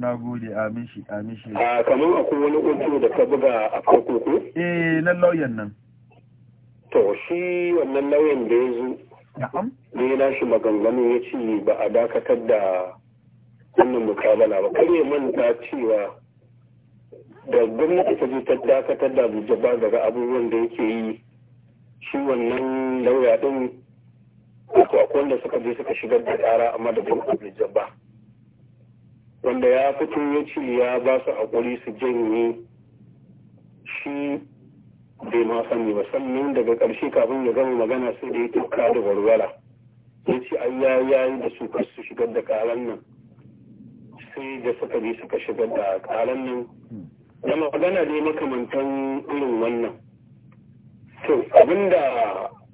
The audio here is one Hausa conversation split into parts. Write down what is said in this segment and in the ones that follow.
na gode amin shi amin shi a ah, kamar akwai wani kuntu da ka buga a kurkuku eh na lauyan nan to shi wannan lauyan da ya zo ne na shi maganganu ya ce ba a dakatar da wannan mukabala ba kar ya manta cewa da gwamnati ta je ta dakatar da abuja ba daga abubuwan da yake yi shi wannan lauya din a akwai wanda suka je suka shigar da tsara a madadin abuja ba wanda ya fito ya ce ya ba su haƙuri su janye shi bai ma sani ba sannan daga ƙarshe kafin ya gama magana sai da ya tuka da warwara ya ce ai ya yayi da su kar shigar da ƙaran nan sai da suka bi suka shigar da ƙaran nan da magana ne makamantan irin wannan to abinda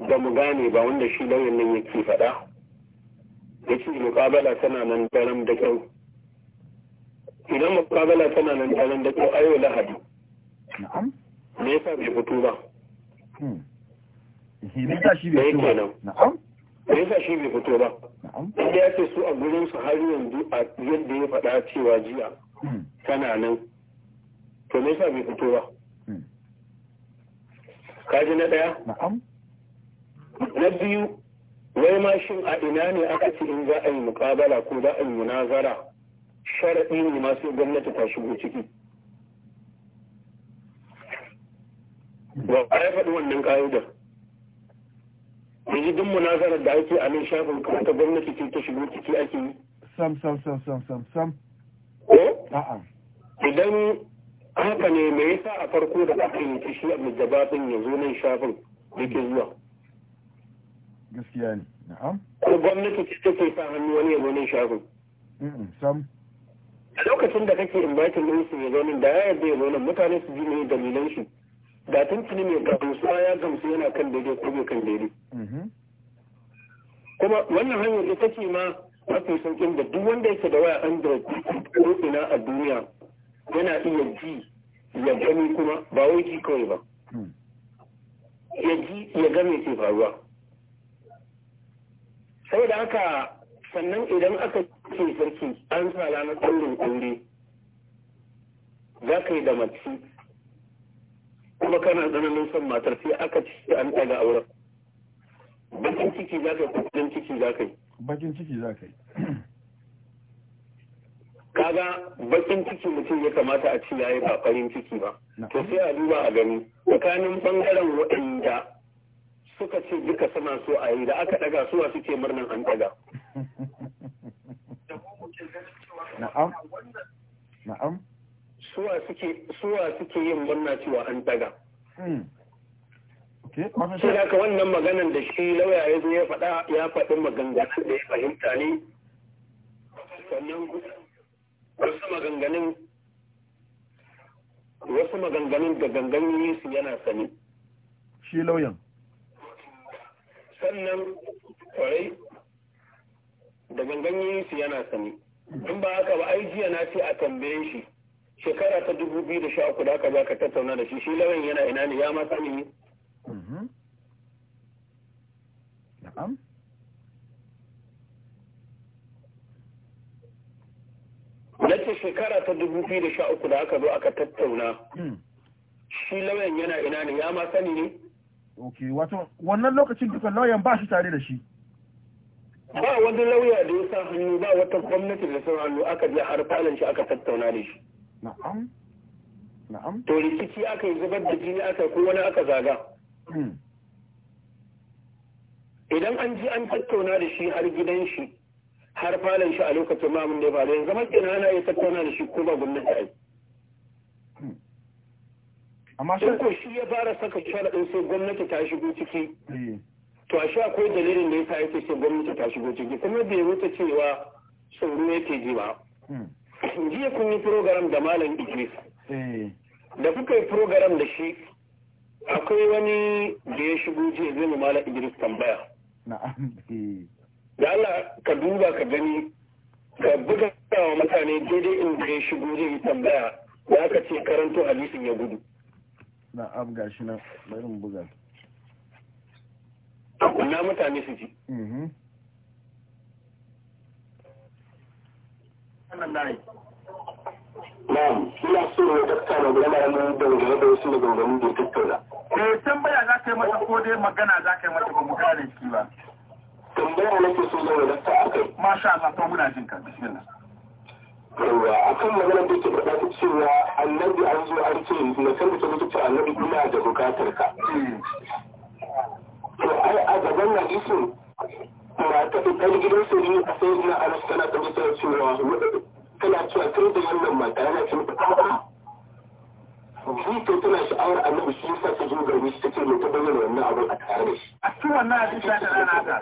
ba mu gane ba wanda shi lauyan nan yake faɗa ya ce mukabala tana nan daram da kyau idan mukabala tana nan tanan da ko ayo lahadi na'am me yasa bai fito ba hmm. me yasa shi bai fito ba na'am me yasa shi bai fito ba inda ya ce su a gurin su har yanzu a yadda ya faɗa cewa jiya hmm. tana nan to me yasa bai fito ba hmm. kaji na ɗaya na'am na biyu wai ma shin a ina ne aka ce in za a yi mukabala ko za a yi munazara sharaɗi ne masu gwamnati ta shigo ciki ba a ya faɗi wannan ƙa'idar yanzu duk munazarar da ake a nan shafin kanta gwamnati ce ta shigo ciki ake yi sam sam sam sam sam sam a'a idan haka ne me yasa a farko da aka yi ta shi abu gabaɗin ya zo nan shafin da ke zuwa gaskiya ne na'am ko gwamnati ce take sa hannu wani ya zo nan shafin sam a lokacin da kake invite ne su ya zaunin da ya yarda ya zaunin mutane su ji ne dalilan shi da tuntuni mai gamsuwa ya gamsu yana kan daidai ko bai kan daidai mm-hmm. kuma wannan hanyar ita ce ma mafi saukin da duk wanda yake da waya android ko ina a duniya yana iya ji ya gani kuma ba wai ji kawai ba hmm. ya ji ya ga ke faruwa saboda haka sannan idan aka ce sarki an sa ranar ɗaurin aure za ka yi da mace kuma kana tsananin son matar sai aka ce an ɗaga auren bakin ciki za ka yi bakin ciki za ka yi bakin ciki za ka yi kaga bakin ciki mutum ya kamata a ci ya yi ba farin ciki ba to sai a duba a gani tsakanin bangaren waɗanda suka ce duka suna so a yi da aka ɗaga suwa suke murnan an ɗaga na'am na'am suwa suke yin murna cewa an daga hmm. sai da ka wannan maganan da shi lauya ya zo ya faɗa ya faɗi maganganun da ya fahimta ne sannan wasu maganganun wasu maganganun da gangan su yana sani shi lauyan sannan kwarai da gangan yi su yana sani in ba haka ba ai jiya na ce a tambaye shi shekara ta dubu biyu da sha uku da haka zaka tattauna da shi shi lawan yana ina ne ya ma sani ne mm-hmm. na'am na ce shekara ta dubu biyu da sha uku da aka zo aka tattauna hmm. shi lauyan yana ina ne ya ma sani ne ok wato wannan lokacin duka lauyan ba shi tare da shi ba wani lauya da ya sa hannu ba wata gwamnati da sauran hannu aka biya har falon shi aka tattauna da shi na'am na'am to rikici aka yi zubar da jini aka ko wani aka zaga hmm. idan an ji an tattauna da shi har gidan shi har falon shi a lokacin mamun da ya faru yanzu makina ana iya tattauna da shi ko ba gwamnati ai hmm. amma shi ko shi ya fara saka sharaɗin sai gwamnati ta shigo ciki eh. to a shi akwai dalilin da yasa yake ce gwamnati ta shigo ciki kuma bai wuce cewa tsoro yake ji ba hmm. jiya kun yi program da malam idris eh. da kuka yi program da shi akwai wani da ya shigo jiya zai mu malam idris tambaya eh. da Allah ka duba ka gani ka buga wa mutane daidai inda ya shigo zai yi tambaya ya ka ce karanto hadisin ya gudu na'am gashi na bari mu buga a kunna mutane su ji mm-hmm. Na'am, ina so ne dakta na magana ne dangane da wasu maganganu da tattauna. Eh, tambaya za ka yi masa ko dai magana za ka yi masa ba mu gane shi ba. Tambaya nake so zama da a kai. Masha Allah, to muna jin ka, bismillah. Yawwa, kan magana da ke faɗa ta cewa annabi an zo an ce na san da ta mutu annabi ina da bukatar ka. Hmm. wannan isin ba ta fitar gidan su ne a sai na anas tana ta da cewa tana cewa tun da wannan mata yana cin a'a Zito tana sha'awar annabi shi sa ta zo gari shi ce mai ta bayyana wannan abu a tare da shi. A cikin wannan da ta nana ta.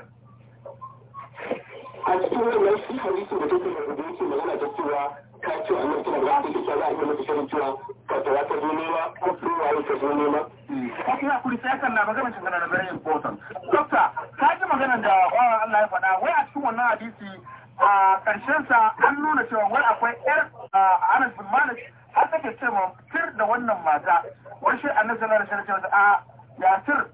A cikin wannan shi hadisi da take da yake magana ta cewa ka ce a mutum da ake kisa za a yi mata cewa ka ta wata zo nema ko kuma waye ka zo nema. Ake ya kuri sai na magana shi kana very important. Dokta, ka ji maganar da wawan Allah ya faɗa wai a cikin wannan hadisi a ƙarshen sa an nuna cewa wai akwai ƴar Anas bin Malik har take cewa tir da wannan mata wai shi annabi sallallahu alaihi wasallam a ah, ya tir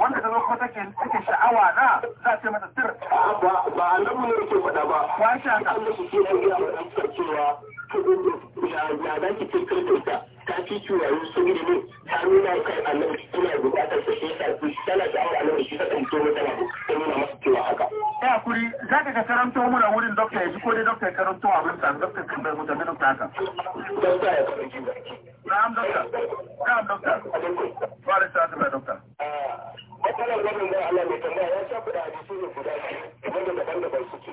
wanda ta zo kuma take take sha'awa na za ta mata tir ba ba annabi ne yake faɗa ba wa sha Allah su ce ya faɗa cewa ya za ki kirkirto ta ta fi kiwayo sun yi ne ta nuna kai annabi suna bukatar sa shi yasa ku tana sha'awar annabi shi ta mutu mata ba ta nuna masa cewa haka. ya kuri za ka ka karanto mura wurin ya ko dai dokta ya karanto abin sa dokta kan bai mutane dokta haka. dokta ya karanto na'am dokta na'am dokta ba da ta dokta. Ah, matsalar wannan da Allah mai tambaya ya sha kuɗa hadisi ne guda biyu daban-daban suke.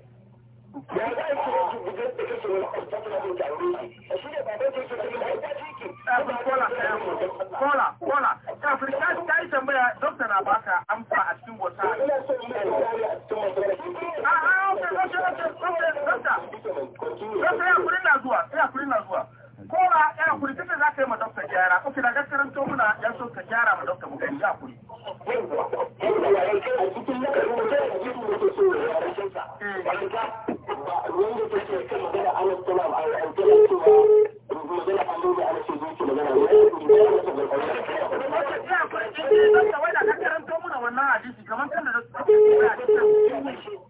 ya za a kira su bugar da kasa wani kwarta suna da aure a shi ne baban sai suna bin haifa shi eh, kola eh, kola kola kafin ta yi tambaya dokta na baka amsa a cikin wata ina so yi tsari a cikin wata a a ok ok a ok dokta dokta ya kuri na zuwa ya kuri na zuwa ko ba ya kuri za ka yi ma gyara ko kina ga karanto muna ya so ka gyara ma mu gani ya kuri a cikin lakarin da ya ji mu da so ya rashin sa wanda wanda take kan magana Allah sallallahu alaihi wa sallam magana Allah magana Allah shi zuci magana ne ya kuri tunda za ka karanto muna wannan hadisi kamar kan da dokta ya ce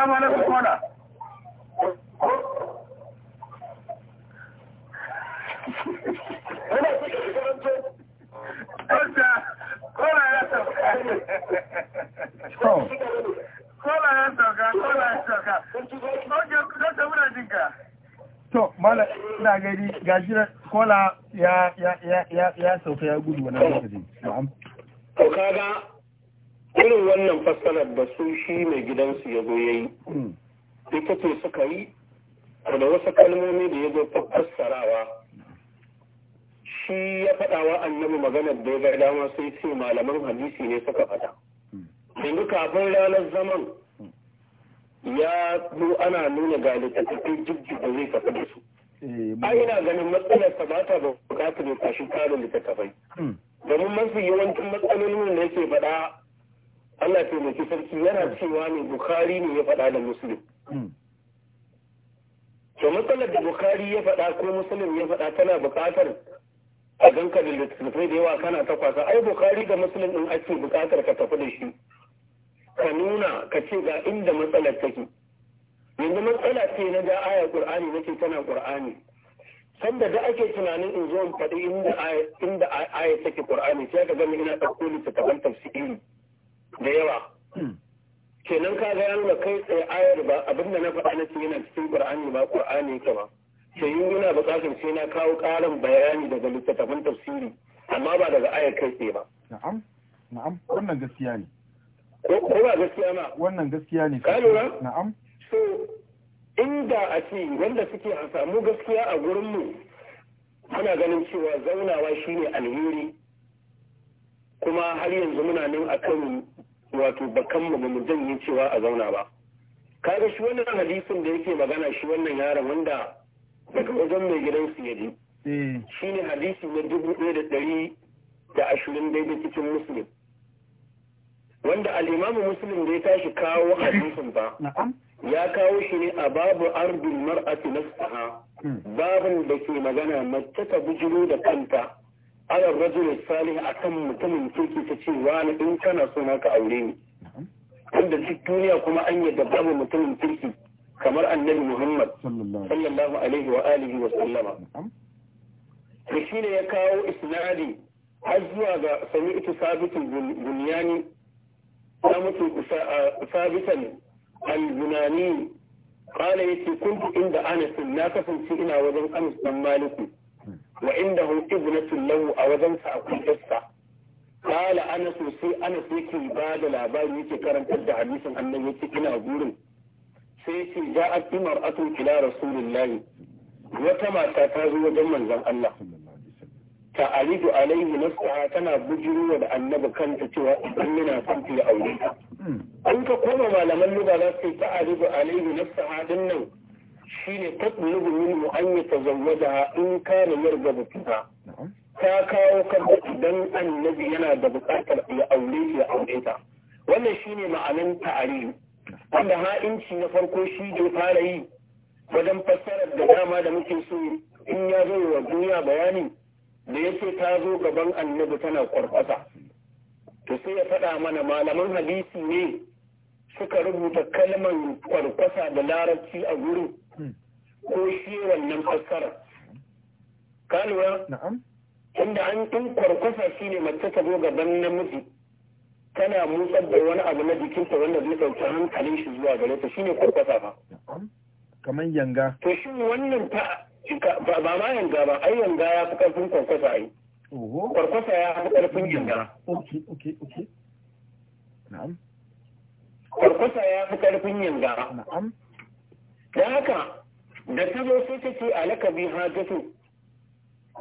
salamu alaikum mana kola ya sauka kola ya sauka kola ya sauka kola ya ya sauka ya gudu wannan lokacin irin wannan fassarar da su shi mai gidansu ya zo ya yi ita ce suka yi da wasu kalmomi da ya zo ta fassarawa shi ya faɗawa annabi maganar da ya ga dama sai ce malaman hadisi ne suka faɗa yanzu kafin ranar zaman ya zo ana nuna ga littattafai da zai tafi da su eh, ai ina ganin matsalar ta ba ta bukatar ya tashi kare littattafai hmm. domin mafi yawancin matsalolin da yake faɗa Allah ta mai sarki yana hmm. cewa ne Bukhari ne ya faɗa da Muslim. Hmm. To matsalar da Bukhari ya faɗa ko Muslim ya faɗa tana buƙatar a ganka da littattafai da yawa kana ta kwasa ai Bukhari da Muslim ɗin ake buƙatar ka tafi da shi. Ka nuna ka ce ga inda matsalar take. Yanzu matsala ce na da aya Qur'ani nake tana Qur'ani. sanda da ake tunanin in zo in faɗi inda aya take Qur'ani sai ka gani ina ɗauko littattafan tafsiri. da yawa hmm. kenan ka ga yana kai tsaye ayar ba abinda na faɗa na yana cikin qur'ani ba qur'ani ka ba sai yi muna buƙatar sai na kawo ƙarin bayani daga littattafan tafsiri amma ba daga ayar kai tsaye ba na'am na'am wannan gaskiya ne ko ba gaskiya ma wannan gaskiya ne ka lura na'am so inda a ce wanda suke a samu gaskiya a gurin mu ana ganin cewa zaunawa shine alheri kuma har yanzu muna nan akan wato ba kammala mu janye cewa a zauna ba kaga shi wannan hadisin da yake magana shi wannan yaron wanda daga wajen mai su ya ji eh. shi ne hadisi na dubu ɗaya da ɗari da ashirin daidai cikin musulun wanda al'imamu musulun da ya tashi kawo hadisin ba ya kawo shi ne a babu ardun mar'atu nafsaha hmm. babin da ke magana mace ta bijiro da kanta ala rajul salih akan mutumin kirki ta ce wani in kana so ka aure ni wanda duk duniya kuma an yadda babu mutumin kirki kamar annabi Muhammad sallallahu alaihi wa alihi wa sallama da shi ne ya kawo isnadi har zuwa ga ita sabitin bunyani na mutu sabitan al-bunani qala yace kuntu inda anas na kasance ina wajen anas dan maliki wa inda hu ibnatun lahu a wajensa akwai yassa kala la'ana sosai ana yake ba da labari yake karantar da hadisin annabi yake ina gurin sai ce ja'at imra'atun ila rasulullahi wata mata ta zo wajen manzon Allah Ta ta'aridu alaihi nafsaha tana bujirowa da annabi kanta cewa idan yana son ta aure an hmm. ka koma malaman lugha za su ta'aridu alaihi nafsaha din nan shine tatlubu minhu an yatazawwaja in kana da fiha ta kawo kanta idan annabi yana da buƙatar ya aure ya aure ta wannan shine ma'anan ta'ari wanda ha'inci na farko shi ne fara yi wajen fassarar da dama da muke so in ya zo wa duniya bayani da yake ta zo gaban annabi tana kwarkwasa to sai ya faɗa mana malaman hadisi ne suka rubuta kalmar kwarkwasa da larabci a gurin ko shi wannan fassara ka lura na'am inda an ɗin kwarkwasa shine mace ta zo gaban namiji tana motsar da wani abu na jikinta wanda zai ɗauki hankalin shi zuwa gare ta ne kwarkwasa ba. kamar yanga to shi wannan ta ba ma yanga ba ai yanga ya fi ƙarfin kwarkwasa ai kwarkwasa ya fi ƙarfin yanga Oke oke oke. na'am kwarkwasa ya fi ƙarfin yanga na'am da haka da ta zo sai ta ce alaka bi hajjatu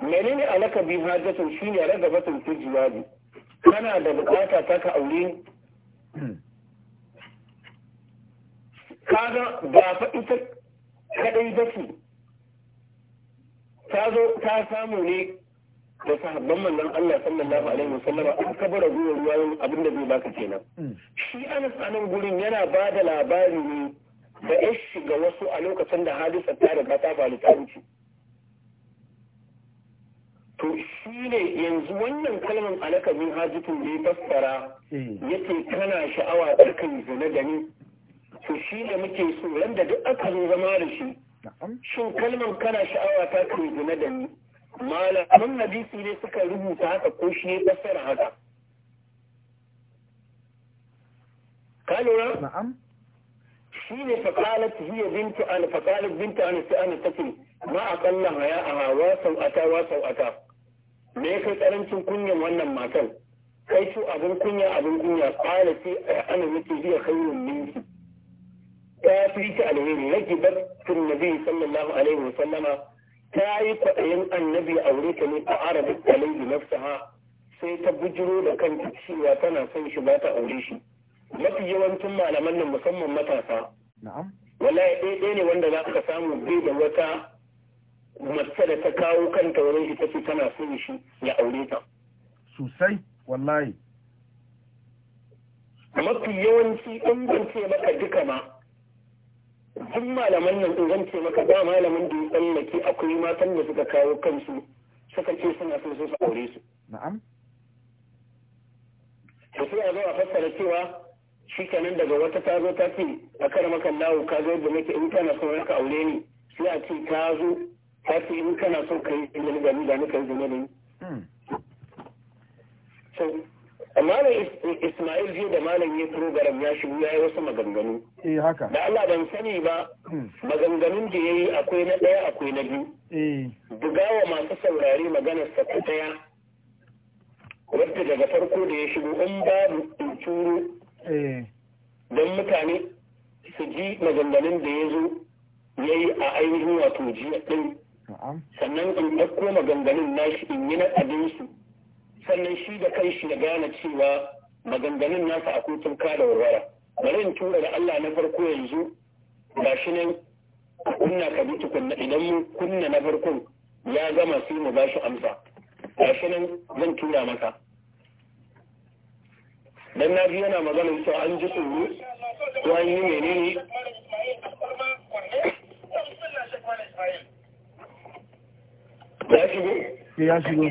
menene alaka bi hajjatu shine ragabatun ta jiwabi kana da bukata ta ka aure kaga ba fa ita kadai ba ce ta zo ta samu ne da sahabban manzon Allah sallallahu alaihi wasallam an kabara ruwa ruwa abinda zai baka kenan mm. shi Anas anan gurin yana bada labari ne da ishi ga wasu a lokacin da hadisa ta riga ta faru ta wuce to shi ne yanzu wannan kalmar alakamin hajjitun da ya fassara hmm. yake kana sha'awa tsarkan zane da ni to shi ne muke so yadda duk aka zo zama da shi shin kalmar kana sha'awa ta kan zane da ni malaman hadisi ne suka rubuta haka ko shi ya fassara haka ka lura na'am shine faqalat hiya bintu an faqalat bintu an ta'ani takri ma aqalla haya aha wa sau'ata wa sau'ata me kai karancin kunyan wannan matan kai su abin kunya abin kunya qala fi eh, ana miki hiya khairun minki ta fi ta alheri laki baktun nabi sallallahu alaihi wa sallama ta yi kwaɗayin annabi a wuri ta ne a arabin alaihi ha, sai ta bujiro da kanta cewa tana son shi ba ta aure shi mafi yawancin malaman nan musamman matasa na'am wallahi daidai ne wanda za ka samu bai da wata mace da ta kawo kanta wurin shi tace tana so shi ya aure ta sosai wallahi mafi yawanci in ban ce maka duka ma duk malaman nan in zan ce maka ba malamin da ya tsallake akwai matan da suka kawo kansu suka ce suna so su aure su na'am to sai a zo a fassara cewa shi kenan daga wata ta zo ta ce a kar maka lawo ka zo da nake in kana son ka aure ni sai a ce ta zo ta ce in kana son ka yi zane da ni da nika yi zane da amma da ismail jiya da malam ya garam ya shigo ya yi wasu maganganu. eh haka. da Allah ban sani ba hmm. maganganun da ya yi akwai na ɗaya akwai na biyu. eh. bugawa masu saurari maganar sa ta ɗaya. wadda daga farko da ya shigo in babu in turo Eh. don mutane su ji maganganun da ya zo ya yi a ainihin wato jiya ɗin sannan in ɗauko maganganun nashi in yi na abinsu sannan shi da shi ya gane cewa maganganun nasa a kotun kada warwara bari in tura da Allah na farko yanzu ga shi nan kunna ka bi tukunna idan mu kunna na farko ya gama sai mu ba shi amsa ga shi nan zan tura masa dan na ji yana maganin cewa an ji tsoro ko an yi ne ya shigo ya shigo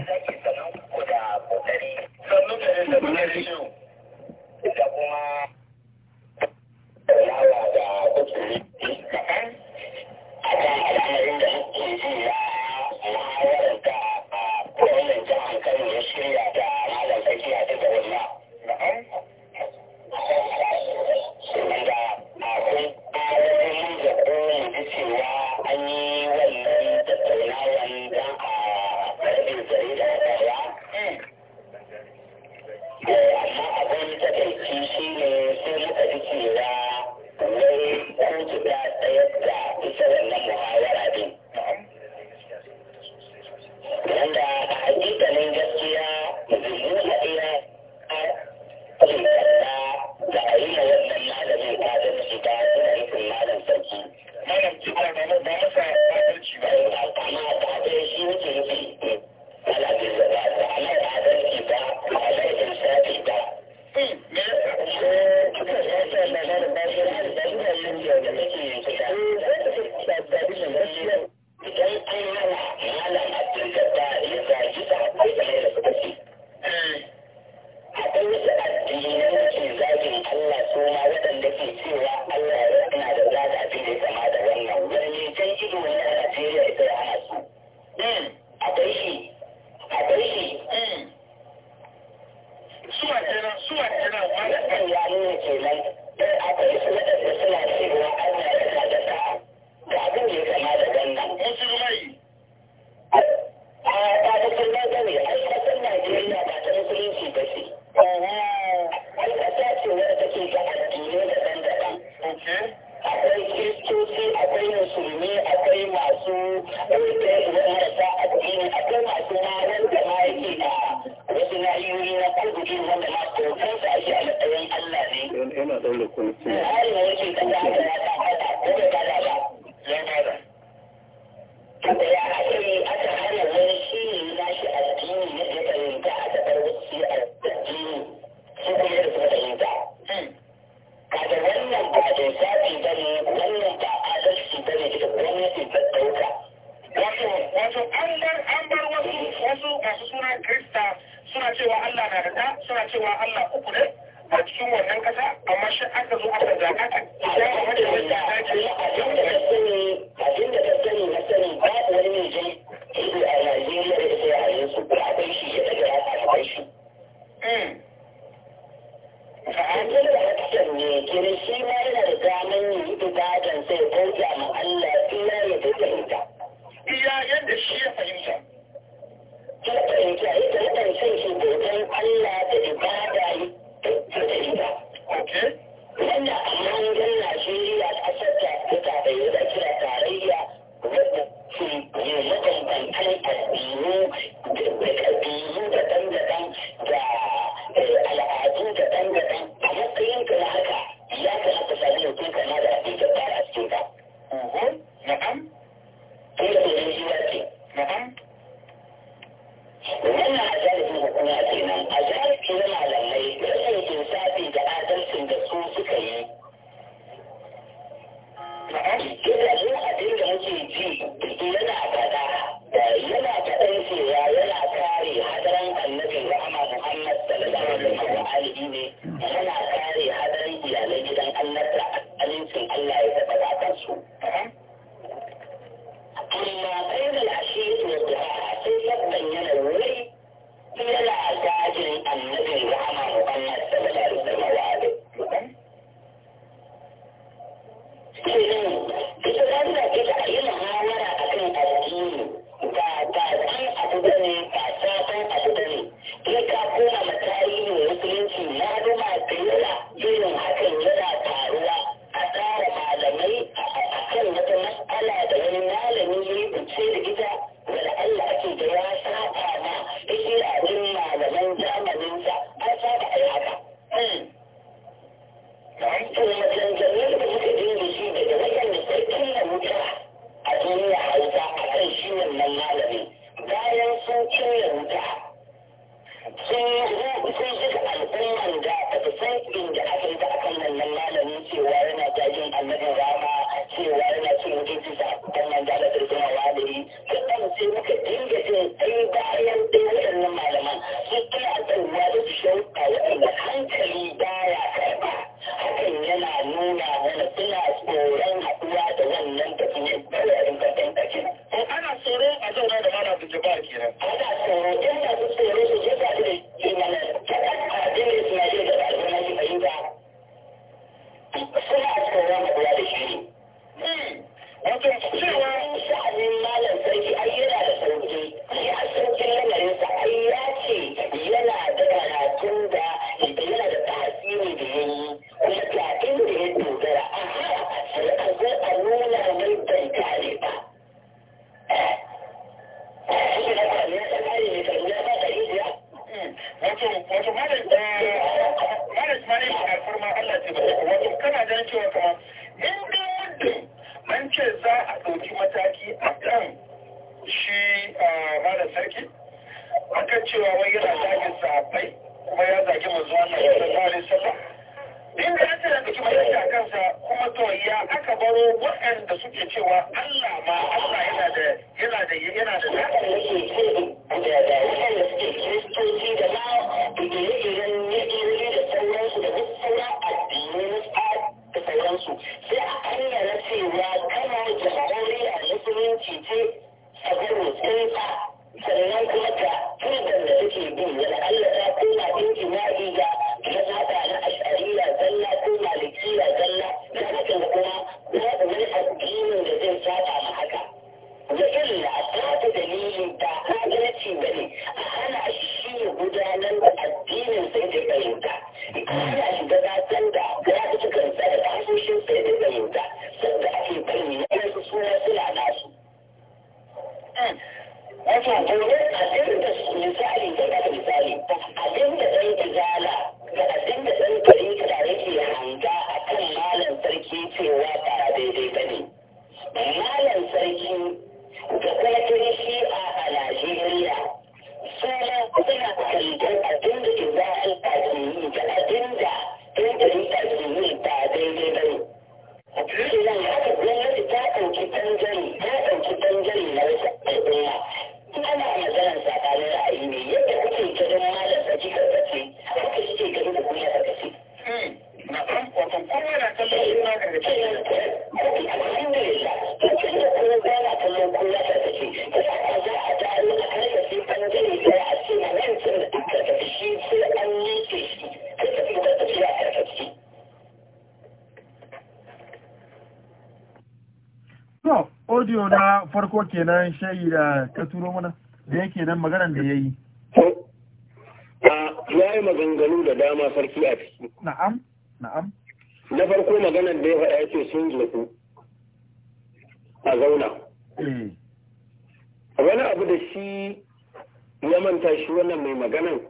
farko kenan shayi da ka turo mana da yake nan maganar da ya yi. Ya eh, yi maganganu da dama sarki a ciki. Na'am, na'am. Na farko maganar da ya faɗa yake sun zuku a zauna. Eh. Wani abu da shi ya manta shi wannan mai maganan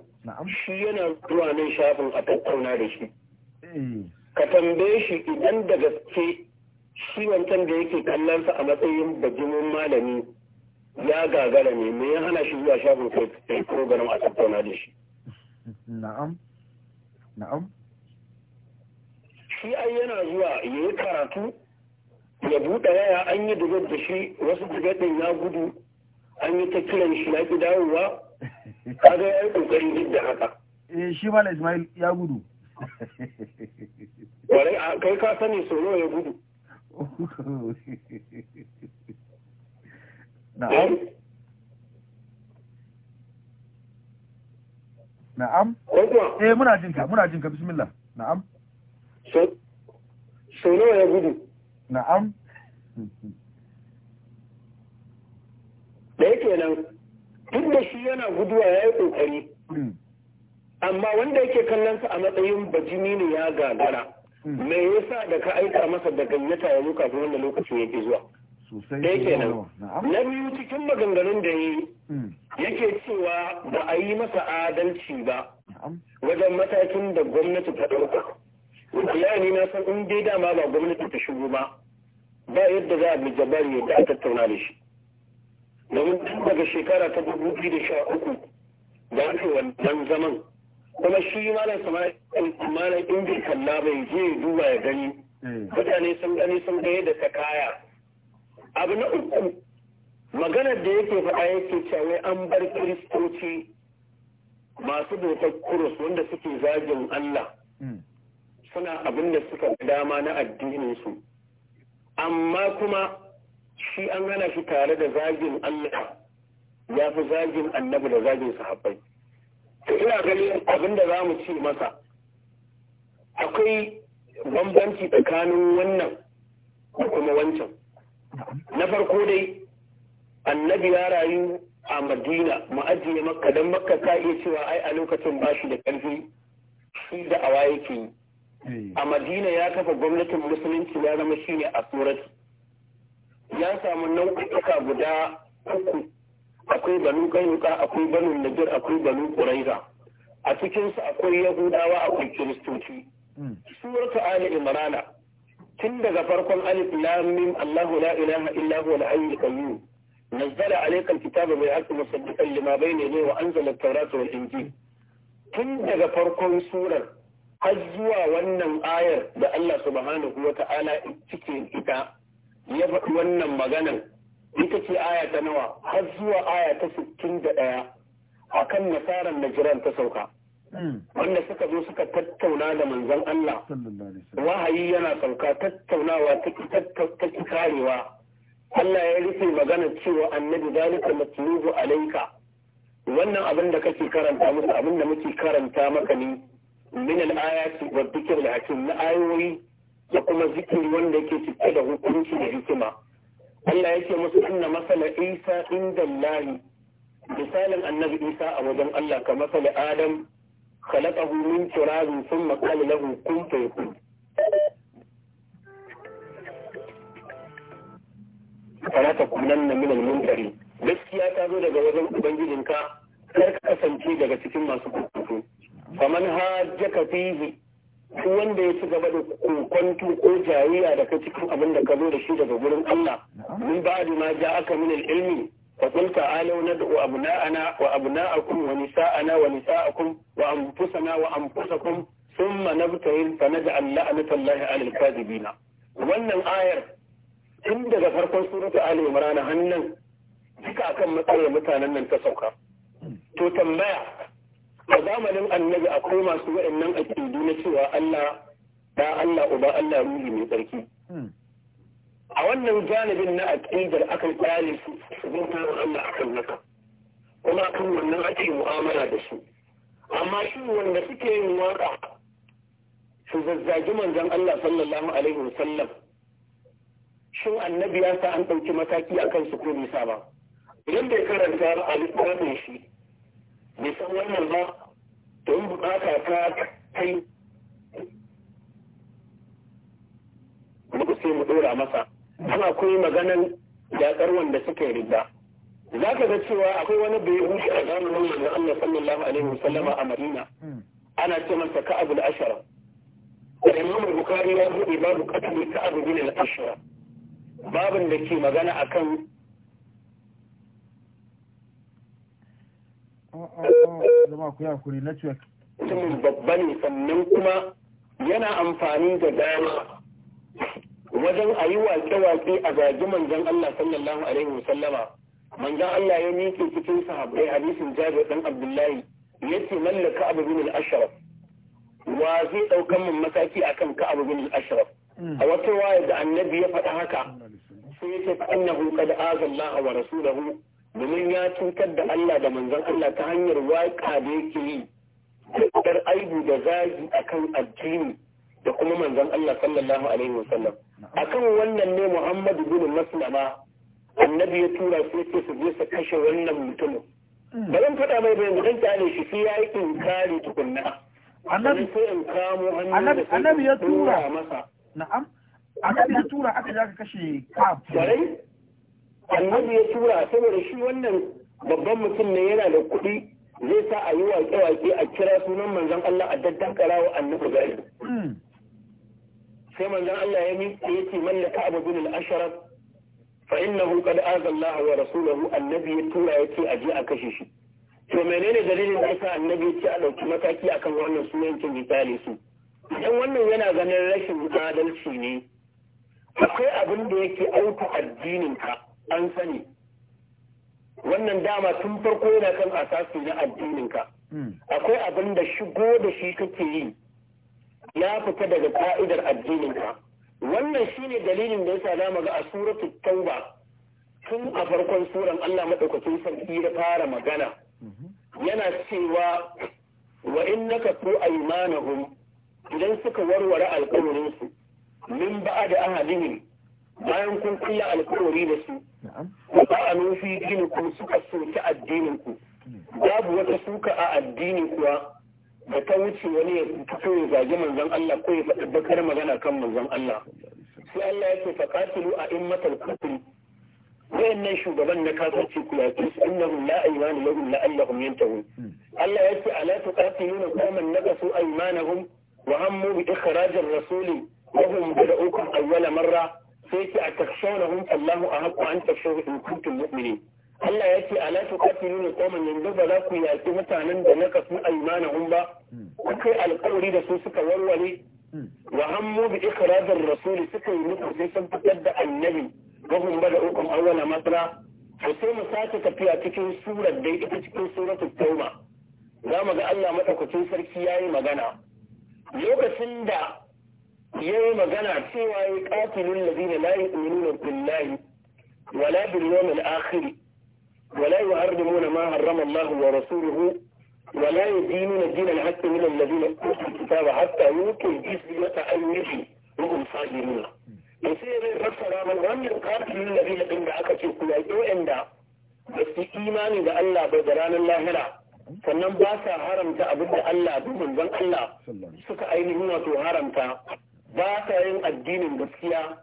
shi yana zuwa nan shafin a tattauna da shi. Eh. Ka tambaye shi idan da gaske shi wancan da yake kallon sa a matsayin bajimin malami ya gagara ne me ya hana shi zuwa shafin kai program a tattauna da shi na'am na'am shi ai yana zuwa ya yi karatu ya buɗe yaya, an yi dubar da shi wasu dugaɗin ya gudu an yi ta kiran shi ya ki dawowa kaga ya yi ƙoƙari duk da haka eh shi mala ismail ya gudu kwarai kai ka sani solo ya gudu na'am na'am eh muna jinka muna jinka bismillah na'am so nawa ya gudu na'am ɗaya kenan duk da shi yana guduwa ya yi ƙoƙari hmm. amma wanda yake kallon sa a matsayin bajini ne ya gagara me yasa da ka aika masa da ganyata ya muka kafin wanda lokacin yake zuwa sosai kenan na biyu cikin maganganun da yi hmm. yake cewa ba a yi masa adalci ba wajen matakin da gwamnati ta ɗauka bayani na san in dai dama ba gwamnati ta shigo ba ba yadda za a bi jabar ya a tattauna da shi domin tun daga shekara ta dubu biyu da sha uku da ake wannan zaman kuma shi malam malam kalla bai je ya duba ya gani hmm. mutane sun gani sun ga yadda ta kaya abu na uku maganar da yake faɗa yake cewa an bar kiristoci masu dokar kurus wanda suke zagin Allah hmm. suna abin da suka dama na addinin su amma kuma shi an gana shi tare da zagin Allah ya fi zagin annabi da zagin sahabbai ina ganin abin da za mu ce masa akwai bambanci tsakanin wannan da kuma wancan na farko dai annabi ya rayu a madina ma'ajiye makka don makka ka iya cewa ai a lokacin ba shi da ƙarfi shi da awa yake yi eh. a madina ya kafa gwamnatin musulunci ya zama shine a tsorati ya samu nau'uka guda uku akwai banu kainuka akwai banu najir akwai banu quraiza a cikinsu akwai yahudawa akwai kiristoci hmm. suratu ali imrana tun daga farkon alif lam allahu la ilaha illa huwa al-hayyul qayyum نزل عليك الكتاب بالحق مصدقا لما بين يديه وانزل التوراه والانجيل tun daga farkon surar har zuwa wannan ayar da Allah subhanahu wa ta'ala cike ita ya faɗi wannan maganar. ita ce aya ta nawa har zuwa aya ta 61 akan nasaran najiran ta sauka hmm. wanda suka zo suka tattauna da manzon Allah wahayi yana sauka tattaunawa ta ki karewa Allah ya rufe magana cewa annabi zalika matlubu alaika wannan abin da kake karanta musu abin da muke karanta maka ne min al-ayati wa dhikr al-hakim na ayoyi da kuma zikiri wanda yake cike da hukunci da hikima Allah yake musu inna masala Isa inda Allah misalin annabi Isa a wajen Allah ka masala Adam khalaqahu min turabin thumma qala lahu kun fayakun fala takunanna min al-mumtari gaskiya ta zo daga wajen ubangijinka kar ka kasance daga cikin masu kuku faman hajjaka fihi duk wanda ya ci gaba da kokonto ko jayayya daga cikin abin da ka zo da shi daga gurin Allah min ba'di ma ja'aka min ilmi fa qul ta'alu nad'u abna'ana wa abna'akum wa nisa'ana wa nisa'akum wa anfusana wa anfusakum thumma nabtahil fa naj'al la'nata Allahi 'alal kadhibina wannan ayar tun daga farkon surutu Ali Imran hannan duka akan matsayin mutanen nan ta sauka to tambaya a zamanin annabi akwai masu wa'annan aƙidu na cewa Allah da Allah uba Allah ruhi mai tsarki hmm. a wannan janibin na aƙidar akan tsare su zan zanta wa Allah akan naka kuma kan wannan ake mu'amala da su amma shi wanda suke yin waƙa. su zazzagi manzan Allah sallallahu alaihi wa sallam. shin annabi ya sa an ɗauki mataki akan su ko bisa ba idan bai karanta a littafin shi bai san wannan ba to yi bukata ta kai muku sai mu dora masa ana koyi maganan yaƙar wanda suka yi riga za ka ga cewa akwai wani bai huce a zamanin manzon Allah sallallahu alaihi wasallama a Madina ana ce masa Ka'ab al-Ashara Imam Bukhari ya buɗe babu qatl Ka'ab bin al-Ashara babin da ke magana akan babba ne sannan kuma yana amfani da dama wajen a yi waƙe-waƙe a gaji manzan Allah sallallahu alaihi wasallama manzan Allah ya miƙe cikin sahabbai hadisin jabir dan Abdullahi yace mallaka Abu bin al wa zai ɗaukan mun mataki akan ka Abu bin al-Ashraf a wata waya da annabi ya faɗa haka sai yace fa innahu qad azalla wa hu. domin ya cutar da Allah da manzon Allah ta hanyar waƙa da yake yi da aibu da zagi akan addini da kuma manzon Allah sallallahu alaihi wasallam akan wannan ne Muhammadu bin Maslama annabi ya tura su yake su je su kashe wannan mutumin ba zan faɗa mai bayan dan kyale shi sai ya yi inkari tukunna annabi sai in kamo annabi annabi ya tura masa na'am annabi ya tura aka ja ka kashe kaf annabi ya tura saboda shi wannan babban mutum ne yana da kuɗi zai sa a yi waƙe-waƙe a kira sunan manzon Allah a daddan wa annabi gari hmm. sai manzon Allah ya miƙe ya ce mallaka abu bin al'asharar asharaf fa innahu annabi ya tura ya ce a kashe shi to menene dalilin da yasa annabi ya ce a ɗauki mataki akan wannan sunan kin misali su idan wannan yana ganin rashin adalci ne akwai abin da yake auka addinin ka an sani wannan dama tun farko yana kan asasi na addininka hmm. akwai abin da shigo da shi kake yi ya fita daga ka'idar addininka wannan shine dalilin da yasa zamu ga a tauba tun a farkon suran Allah madaukakin sarki da fara magana hmm. yana cewa wa innaka tu aymanahum idan suka warware alƙawarinsu min ba'da ahadihim bayan kun kulla alkawari da su ku ba a nufi dini ku suka soki addinin ku babu wata suka a addini kuwa da ta wuce wani ya fito ya zagi manzon Allah ko ya faɗi bakar magana kan manzon Allah sai Allah ya ce faqatilu a immatal kufri wayannan shugaban na kasance ku yaƙi su innahum la aymanu lahum la'allahum yantahun hmm. Allah ya ce ala tuqatiluna qauman naqasu aymanahum wa hammu bi ikhrajir rasuli wa hum bid'ukum awwala marra sai yake a takshawnahum Allahu ahqqu an takshawu in kuntum mu'minin Allah ya ce a ala tuqatilun qauman yanzu ba za ku yaƙi mutanen da nakasu aymanahum ba kai alƙawari da su suka warware wa hammu bi ikrarul rasuli suka yi muku sai sun fitar da annabi wahum bada'ukum awwala masra to sai mu sake tafiya cikin surar dai ita cikin suratul tauba za mu ga Allah madaukakin sarki yayi magana lokacin da ya yi magana cewa ya ƙafirin da zina la yi tsoro da billahi wala bil yawmil akhir wala yuharrimun ma harrama Allah wa rasuluhu wala yudinun din al haqq min alladhina kutiba hatta yukun jizya ta'ayyuhi wa hum sajirun to sai ya fassara man wannan ƙafirin da zina din da aka ce ku yaƙi wa'anda ba su imani da Allah ba da ranar lahira sannan ba sa haramta abinda Allah duban zan Allah suka ainihin wato haramta ba ta yin addinin gaskiya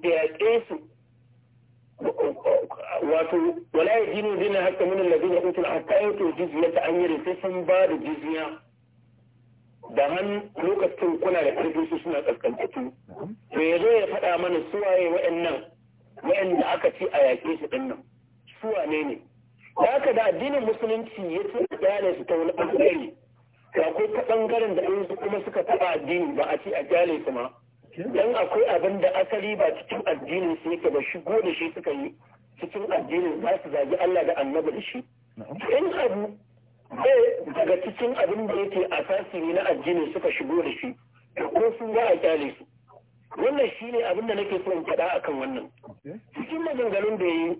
da ke su wato wala ya dini dina haka min alladhi ya utul kayan yutu jizya ta an yi sai sun ba da jizya da han lokacin kuna da karfi su suna kaskantattu to yazo ya faɗa mana suwaye wa'annan wa'anda aka ci a yaƙe su ɗin nan suwa ne haka da addinin musulunci ya ce da su ta wani ɓangare akwai ta bangaren da an kuma suka taba addini ba a ce a kyale su ma dan akwai abin da asali ba cikin addinin su yake ba shigo da shi suka yi cikin addinin za su zagi Allah da annabi da shi in abu daga cikin abin da yake asasi ne na addinin suka shigo da shi da ko sun za a kyale su wannan shine abin da nake so in faɗa akan wannan cikin maganganun da yi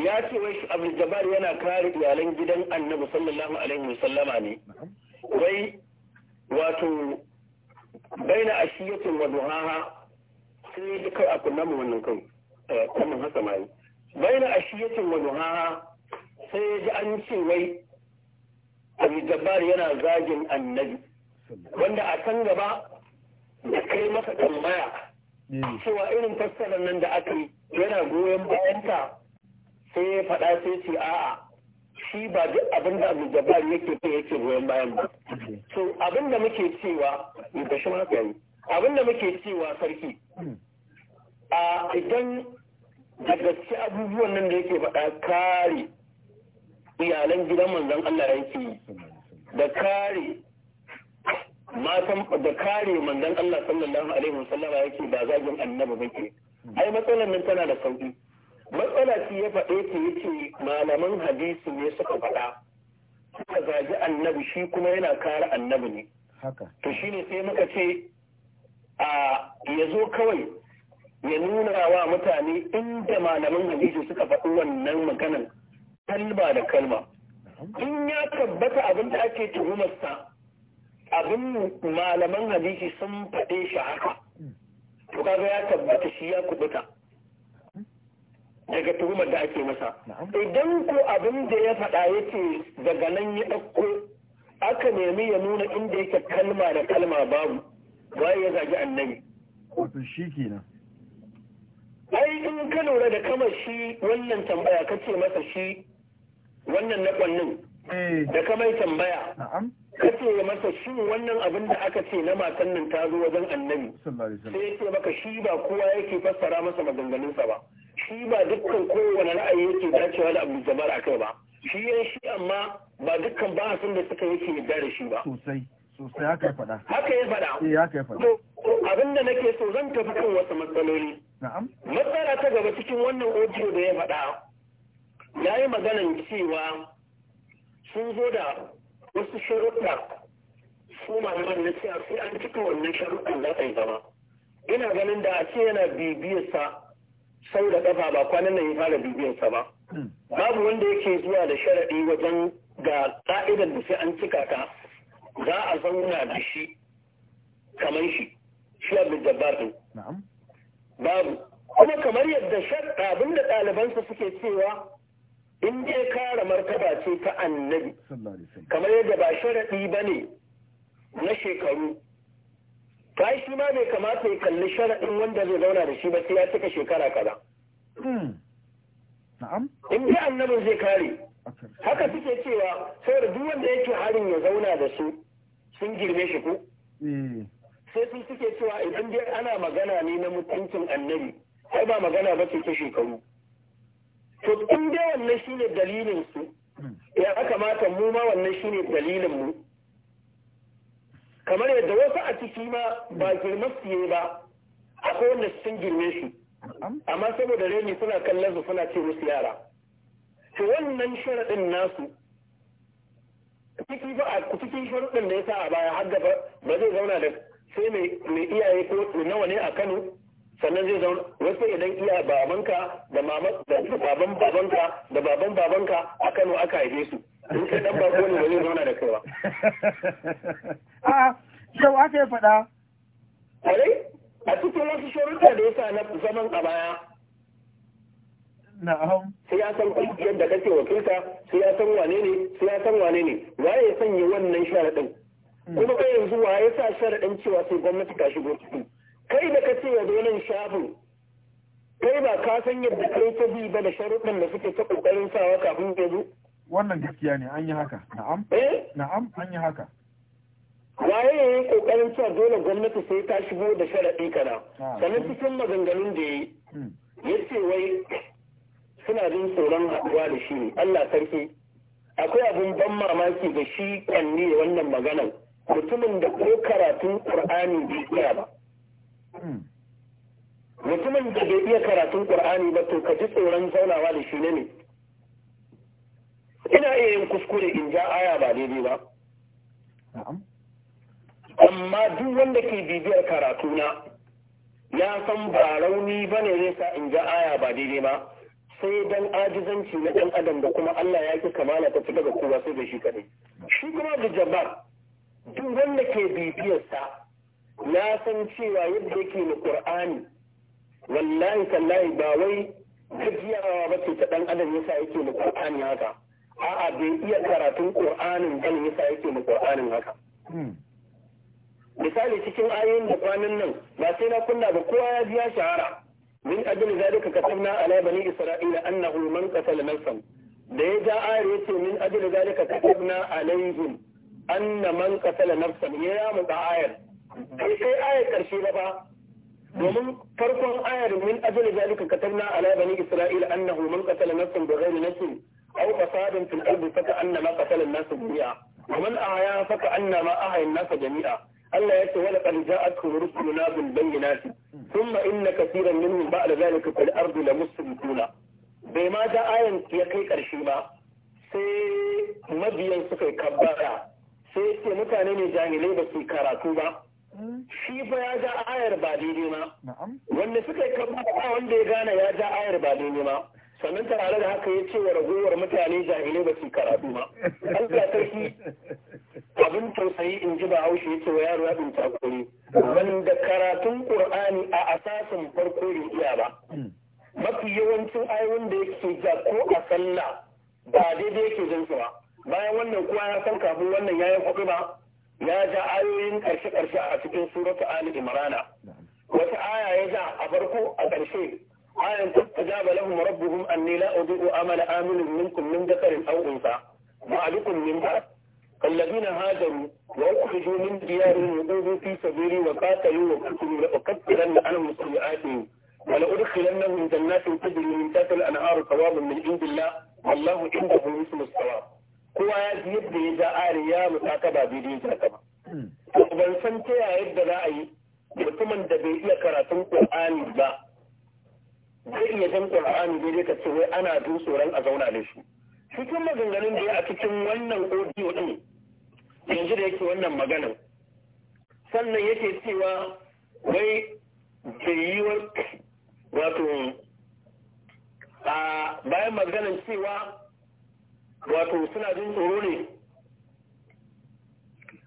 ya ce wai abu jabar yana kare iyalan gidan annabi sallallahu alaihi wasallama ne wai wato baina ashiyatin wa duhaha sai kai a kunna mu wannan kan eh, kaman haka mai baina ashiyatin wa duhaha sai ji an ce wai abu jabar yana zagin annabi wanda a kan gaba da kai masa tambaya hmm. cewa irin fassarar nan da aka yi yana goyon bayanta sai ya faɗa sai ce a'a shi ba duk abin da abu jabari yake kai yake goyon bayan ba so abin da muke cewa ga shi haka yi abin da muke cewa sarki a idan da gaske abubuwan nan da yake faɗa kare iyalan gidan manzon Allah yake yi da kare matan da kare manzon Allah sallallahu alaihi wasallama yake da zagin annabi bake ai matsalar nan tana da sauki matsala shi ya faɗe ta ce malaman hadisi ne suka faɗa suka zagi annabi shi kuma yana kare annabi ne to shi ne sai muka ce a ya zo kawai ya nuna wa mutane inda malaman hadisi suka faɗi wannan maganan kalma da kalma in ya tabbata abin da ake tuhumarsa abin malaman hadisi sun faɗe shi haka to kaga ya tabbata shi ya kubuta daga tuhumar da ake masa idan ko abin da ya faɗa yake daga nan ya ɗauko aka nemi ya nuna inda yake kalma da kalma babu waye ya zagi annabi wato shi kenan ai in ka lura da kama shi wannan tambaya ka ce masa shi wannan na kwannin eh. da ka tambaya ka ce masa shi wannan abin da aka ce na matan nan ta zo wajen annabi sai ya ce maka shi ba kowa yake fassara masa maganganunsa ba shi ba dukkan kowane ra'ayi yake dacewa da abu jabar a kai ba shi ya shi amma ba dukkan ba sun da suka yake yarda da shi ba sosai sosai haka ya faɗa haka ya faɗa eh haka ya faɗa abin da nake so zan tafi kan wasu matsaloli na'am matsala ta gaba cikin wannan audio da ya faɗa ya yi maganan cewa sun zo da wasu sharuɗa su malaman na cewa sai an cika wannan sharuɗan za a yi zama ina ganin da a ce yana bibiyarsa sau da kafa ba kwanan nan ya fara bibiyarsa ba hmm. babu wanda yake zuwa da sharaɗi wajen ga ƙa'idar da sai an cika ta za a zauna da shi kamar shi shi abin jabbar babu kuma kamar yadda sharaɗa abinda ɗalibansa suke cewa in dai kare martaba ce ta annabi kamar yadda ba sharaɗi ba ne na shekaru kai shi ma bai kamata ya kalli sharaɗin wanda zai zauna da shi ba sai ya cika shekara kaza hmm. in ji annabin zai kare haka suke cewa saboda duk wanda yake harin ya zauna da su sun girme shi ko eh. sai sun suke cewa idan dai ana magana ne na mutuncin annabi ai ba magana ba ce ta shekaru to in dai wannan shine dalilin su hmm. ya kamata mu ma wannan shine dalilin mu kamar yadda wasu a ciki ma ba girma su ba a wanda sun girme su amma saboda reni suna kallon su suna ce musu yara to wannan sharaɗin nasu ciki ba a da ya sa a baya har gaba ba zai zauna da sai mai iyaye ko nawa ne a Kano sannan zai zauna wasu idan iya babanka da baban babanka a Kano aka haife su a yau ah, aka yi faɗa a cikin wasu sharuɗa da yasa na zaman a baya na'am sai ya san kungiyar da kake wakilta sai ya san wane ne sai ya san wane ne waye ya sanya wannan sharaɗin hmm. kuma kai yanzu wa ya sa sharaɗin cewa sai gwamnati ta shigo ciki kai da ka ce wa dolen shafin kai ba ka san yadda kai ta bi ba da sharuɗin da suke ta ƙoƙarin sawa kafin ya zo wannan gaskiya ne an yi haka na'am eh? na'am an yi haka waye ya yi kokarin cewa dole gwamnati sai ta shigo da sharaɗi kana ah, sanin cikin maganganun da ya yi hmm. ya ce wai suna jin tsoron haɗuwa da shi ne allah sarki akwai abin ban mamaki da shi kanni wannan maganar mutumin da ko karatun qur'ani bai iya ba hmm. mutumin da bai iya karatun qur'ani ba to ka ji tsoron zaunawa da shi ne ne ina iya yin kuskure in ja aya ba daidai ba amma duk wanda ke bibiyar karatuna ya san ba rauni ba ne zai sa in ja aya ba daidai ba sai dan ajizanci na dan adam da kuma Allah ya ki kamala ta fi daga kowa sai da shi kadai shi kuma da jabbar duk wanda ke bibiyarsa ya san cewa yadda yake na ƙur'ani wallahi kallahi ba wai gajiyawa ba ce ta ɗan adam yasa yake na qur'ani haka a'a bai iya karatun qur'anin bane yasa yake mu qur'anin haka hmm. misali cikin ayoyin da kwanan nan ba sai na kunna ba kowa ya ji ya shahara min ajli zalika katabna ala bani isra'ila annahu man qatala nafsan da ya ja ayar yace min ajli zalika katabna alaihim anna man qatala nafsan ya ya mu da ayar sai sai ayar karshe ba ba domin farkon ayar min ajli zalika katabna ala bani isra'ila annahu man qatala nafsan bighayri nafsin أو فساد في الأرض فكأنما قتل الناس جميعا ومن أعيا فكأنما أحيا الناس جميعا الله يأتي ولقد جاءتهم رسلنا بالبينات ثم إن كثيرا منهم بعد ذلك في الأرض لمسرفون بما جاء آية يقي كرشيما sai mabiyan suka yi kabbara sai ce mutane ne jahilai ba su karatu ba shi fa ya ja ayar ba daidai ma wanda suka yi kabbara wanda ya gane ya ja ayar ba daidai ma sannan tare da haka ya ce wa ragowar mutane jahilai ba su karatu ba Allah sarki abin tausayi in ji ba haushe ya ce wa yaro ya binta kuri wanda karatun qur'ani a asasin farko ya iya ba mafi yawancin ayoyin da yake ja ko a sallah ba daidai yake jin su ba bayan wannan kuwa ya san kafin wannan ya yi kuɗi ba ya ja ayoyin ƙarshe-ƙarshe a cikin suratu ali imrana wata aya ya ja a farko a ƙarshe ayan kun tajaba lahum rabbuhum anni la udu'u amal amil minkum min dakarin aw unsa ma'alukum min ba alladhina hajaru wa ukhrijuu min diyarihim yudhu fi sabili wa qatalu wa qatilu wa qatilan an muslimati wa la udkhilannahum jannatin tajri min tahtiha al-anhar thawaban min indillah wallahu indahu husnul thawab kowa ya ji yadda ya ja ari ya mutu ka ba bidiyon ta ba. Hmm. To ban san ta yaya yadda za a yi mutumin da bai iya karatun Qur'ani ba zai iya ya san ne daidai ka ce wai ana jin tsoron a zauna da shi cikin maganganun da ya a cikin wannan audio din yanzu da yake wannan magana sannan yake cewa wai wa wato a bayan maganan cewa wato suna jin tsoro ne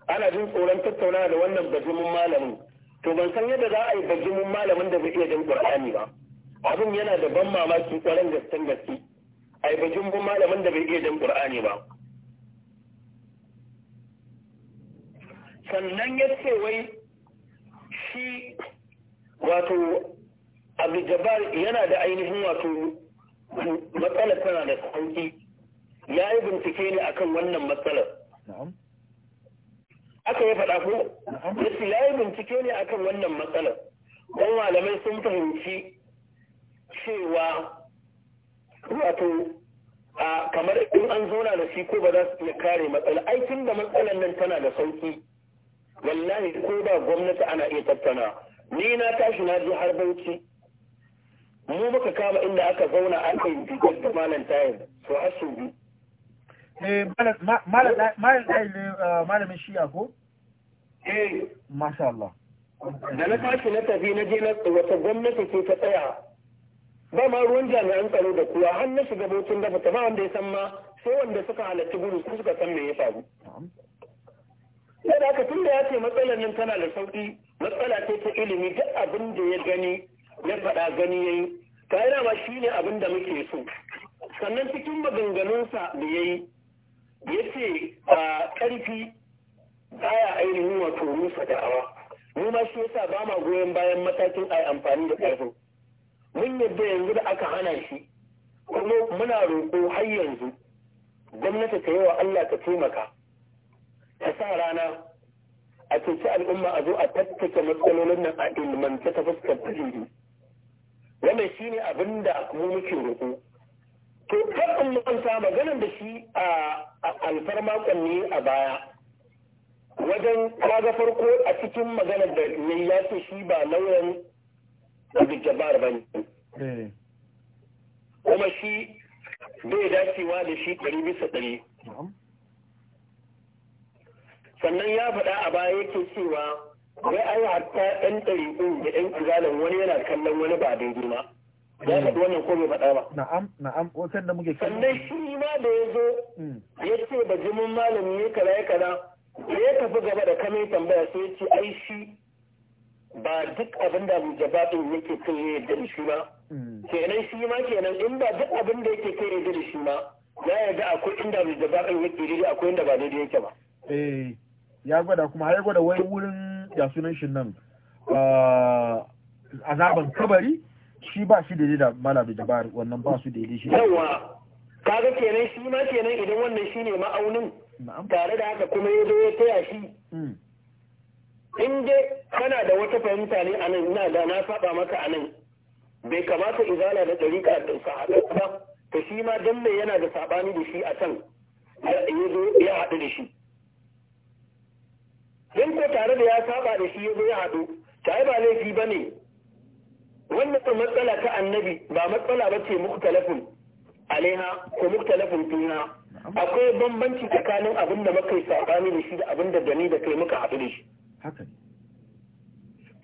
ana jin tsoron tattauna da wannan bajimin malamin to ban san yadda za a yi bajimin malamin da zai iya jin qur'ani ba abin yana da ban mamaki kwarin gaskan gaske yi bajin jumbun malamin da bai iya jan ƙur'ani ba sannan ya ce wai shi wato abu yana da ainihin wato matsalar tana da sauki ya yi bincike ne akan wannan matsalar aka yi faɗa ko ya yi bincike ne akan wannan matsalar don malamai sun fahimci cewa wato kamar in an zauna da shi ko ba za su iya kare matsala ai tun da matsalan nan tana da sauki wallahi ko ba gwamnati ana iya tattana ni na tashi na je har bauchi mu muka kama inda aka zauna aka kai bigar da malam tayin so har su bi eh malam tayin ne eh, malamin shi ko eh masha Allah da na tashi na tafi na je na wata gwamnati ce ta tsaya ba ma ruwan jami'an tsaro da kuwa har na bautun dafa ta ba wanda ya san ma sai wanda suka halarci gudu su suka san me ya faru. Yadda aka tun da ya ce matsalar nan tana da sauƙi matsala ce ta ilimi duk abin da ya gani ya faɗa gani ya yi ka yana ma shi ne abin da muke so. Sannan cikin maganganunsa da ya yi ya ce a ƙarfi baya ainihin wato rusa da'awa. Mu ma shi yasa ba ma goyon bayan matakin a amfani da ƙarfin. mun yadda yanzu da aka hana shi kuma muna roƙo har yanzu gwamnati ta yi wa Allah ta taimaka ta sa rana a ceci al'umma a zo a tattace matsalolin nan a ilmanta ta fuskar ilimi wannan shi ne abin da mu muke roƙo to kan manta maganar da shi a alfarma ne a baya wajen kaga farko a cikin maganar da ya ce shi ba lauyan abin jabbar ba ne eh. kuma shi bai dacewa da shi ɗari bisa ɗari sannan ya faɗa a baya yake cewa wai ai hatta ɗan ɗari ɗin da ɗan kizalin wani yana kallon wani ba daidai ma ya eh. faɗi wannan ko bai faɗa ba na'am na'am wasan da muke kallon. sannan shi ma da ya zo hmm. ya ce ba jimin malami ya kaza ya kaza ya tafi gaba da kamar tambaya sai ya ce ai shi ba duk abin da jabaɗin yake kai ya yarda da shi ba mm. kenan shi ma kenan in ba duk abin da yake kai ya yarda da shi ma ya yarda akwai inda mai jabaɗin yake daidai akwai inda ba daidai yake ba eh ya gwada kuma ya gwada wai wurin ya sunan shi nan azaban kabari shi ba shi daidai da da jabar wannan ba su daidai shi yawa kaga kenan shi ma kenan idan wannan shine ma'aunin tare da haka kuma ya zo ya taya shi mm. in dai kana da wata fahimta ne a nan ina da na saba maka a nan bai kamata izala da ɗarika da su ba ta shi ma dan mai yana da saɓani da shi a can ya zo ya haɗu da shi don ko tare da ya saba da shi ya zo ya haɗu ta yi ba laifi ba ne wannan matsala ta annabi ba matsala ba ce talafin alaiha ko talafin tuna akwai bambanci tsakanin abin da muka yi saɓani da shi da abin da gani da kai muka haɗu da shi haka ne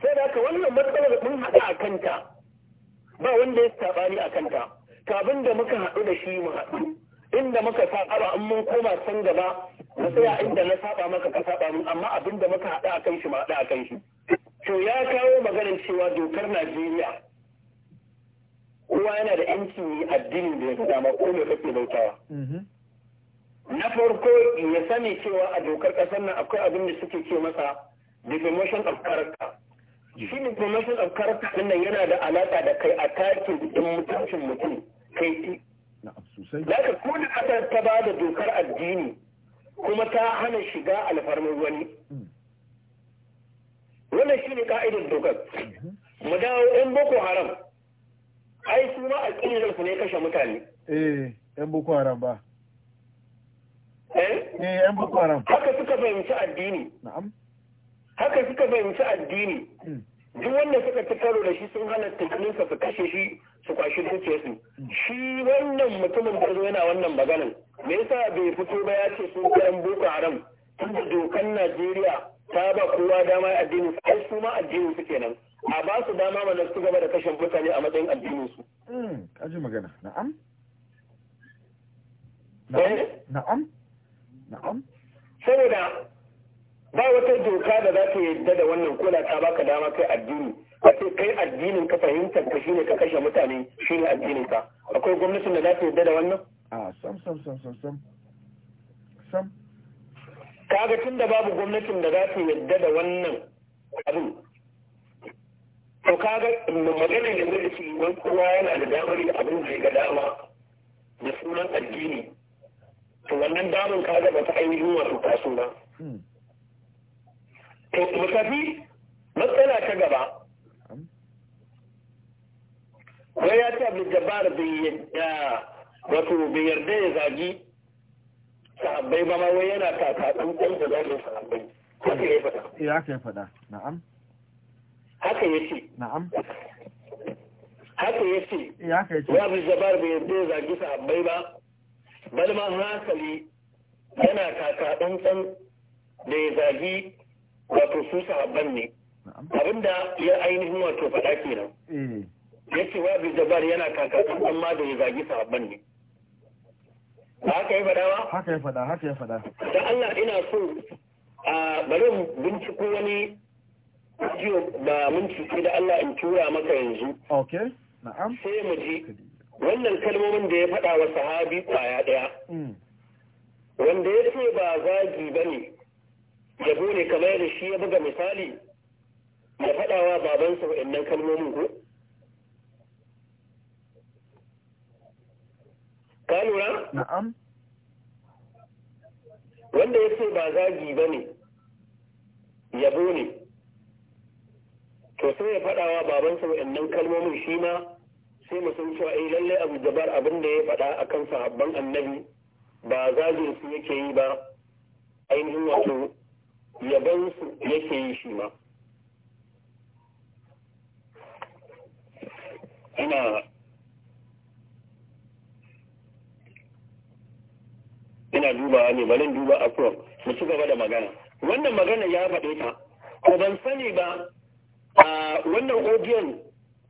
sai da haka wannan matsalar mun haɗa a kanta ba wanda ya saɓani a kanta kafin da muka haɗu da shi mu haɗu inda muka saba in mun koma can gaba na tsaya inda na saba maka ka saba mun amma abin da muka haɗa a kan shi mu haɗa a kan shi to ya kawo maganar cewa dokar Najeriya kowa yana da yanci ne addinin da ya ga dama ko me kake bautawa mm-hmm. na farko ya sani cewa a dokar ƙasar nan akwai abin da suke ce masa the promotion of character shi ne promotion of character wannan yana da alaƙa da kai a takin ɗin mutuncin mutum kai za ka kone ƙasa ta ba da dokar addini kuma ta hana shiga alfarmar wani hmm. wannan shi ne ƙa'idar dokar hmm. mu dawo yan boko haram ai su ma alƙalin ne kashe mutane eh yan boko haram ba eh, eh yan boko haram haka suka fahimci addini na'am haka suka fahimci addini hmm. duk wanda suka ci karo da shi sun hana tunaninsa su kashe shi su kwashi dukiyarsu hmm. shi wannan mutumin da zo yana wannan maganan me yasa bai fito ba ya ce sun karan boko haram tunda dokan najeriya ta ba kowa dama addini ai su ma addini su kenan a ba su dama mana su gaba da kashe mutane a matsayin addinin su hmm, kaji magana na'am eh? na'am na'am saboda ba wata doka da za ta yadda da wannan kola ta baka dama kai addini a ce kai addinin ka fahimtar ka shine ka kashe mutane shine addinin ka akwai gwamnatin da za ta yadda da wannan a sam sam sam sam sam sam kaga tun da babu gwamnatin da za ta yadda da wannan abin to kaga maganar da zai wani kowa yana da damar da abin da ga dama da sunan addini to wannan damar kaga ba ta ainihin wato kasuwa. ba hmm. to tafi matsala ta gaba wai ya ce abu jabbar bai yadda wato bai yarda ya zagi sa'abbai ba ma wai yana kakatun ɗan da zagin sahabbai haka ya faɗa ya eh, haka ya faɗa na'am haka ya ce na'am haka ya ce eh, ya abu jabbar bai yarda ya zagi sa'abbai ba bal ma hankali yana kakatun ɗan da ya zagi wato su sahabban ne abinda ya ainihin wato faɗa kenan eh. ya ce wa jabar yana kakakan amma da ya zagi sahabban ne ba haka ya faɗa ba haka ya faɗa haka ya faɗa da Allah ina so a bari mu binciko wani jiyo ba mun cike da Allah in tura maka yanzu okay na'am sai mu ji wannan kalmomin da ya faɗa wa sahabi kwaya ɗaya mm. wanda ya ce ba zagi ba ne yabo ne kamar yadda shi ya buga misali ya faɗawa babansa waɗannan kalmomin ko ka lura? na'am wanda ya ce ba zagi ba ne yabo ne to sai ya faɗawa babansa waɗannan kalmomin shi ma sai mu san cewa eh lallai abu jabar abin da ya faɗa akan sahabban annabi ba zagin su yake yi ba ainihin wato yaban su yake yi shi ma ana ina dubawa ne bari duba a kuwa mu ci gaba da magana wannan magana ya faɗe ta ko ban sani ba a wannan odiyon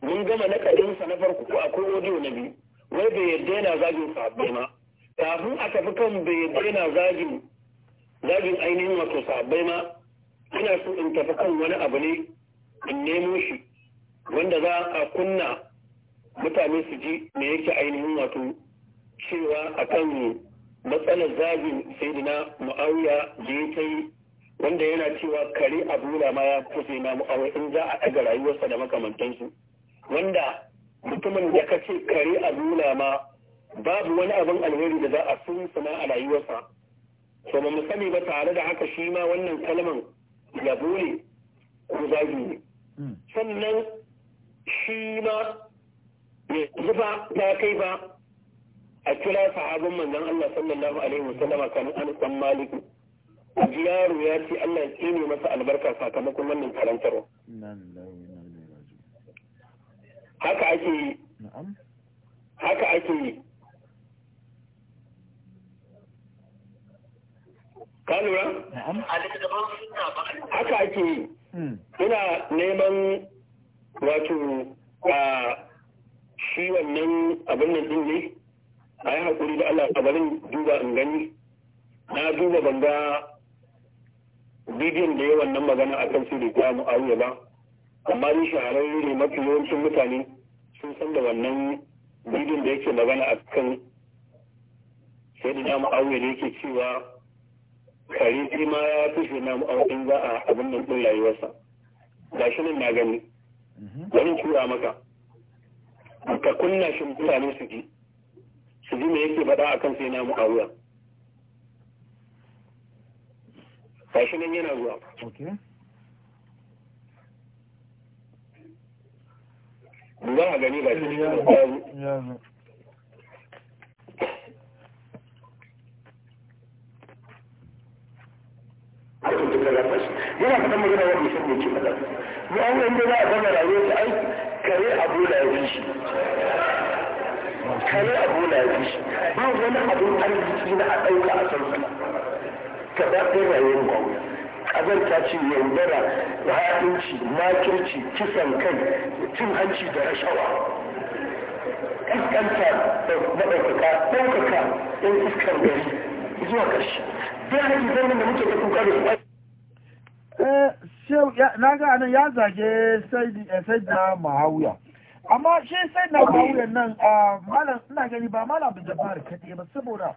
mun gama na kadinsa na farko ko akwai odiyo na biyu wai bai yarda yana zagin sabbai ma kafin a tafi kan bai yarda yana zagin zagin ainihin wato sahabbai ma ina so in tafi kan wani abu ne in nemo shi wanda za a kunna mutane su ji me yake ainihin wato cewa akan matsalar zagin saidina mu'awiya da ya kai wanda yana cewa kare abula ma ya kusa na mu'awiya in za a ɗaga rayuwarsa da makamantansu wanda mutumin da ka ce kare abula ma babu wani abin alheri da za a sun suna a rayuwarsa to ba mu sani ba tare da haka shi ma wannan kalman yabo ne ko zagi ne hmm. sannan shi ma yanzu ba ta kai ba a kira sahabin manzon Allah sallallahu alaihi wasallama kamar an san maliki a ya ce Allah ya tsine masa albarka sakamakon wannan karantarwa haka ake haka ake yi ka lura haka ake yi hmm. ina neman wato a shi wannan abin nan din ne a yi haƙuri da Allah a barin duba in gani na duba ban ga bidiyon da ya wannan magana a kan da ta mu'awiya ba amma ni shahararri ne mafi yawancin mutane sun san da wannan bidiyon da yake magana a kan sai da mu'awiya da yake cewa kare shi ma ya fi shi na mu'aukin za a abin nan ɗin rayuwarsa ga shi nan na gani wani mhm. tura maka ka kunna shi mutane su ji su ji me yake faɗa a kan sai na mu'awiya ga shi nan yana zuwa za a gani ga shi nan yana faɗan magana wanda shi ne ke faɗa mu an yi inda za a zama rayuwar ta ai kare abu da ya fi shi kare abu da ya fi shi ba wani abin arziki na a ɗauka a san su ka daɗin rayuwar ba ƙazarta ce yaudara haɗinci makirci kisan kai cin hanci da rashawa iskanta da maɗaukaka ɗaukaka ɗan iskar gari zuwa ƙarshe don haka zan da muke da kuka da su na ga nan ya zage sai eh, da mahawiya amma shi sai na mahawiya nan ah, malam ina gani ba malam da jabar kaɗai ba saboda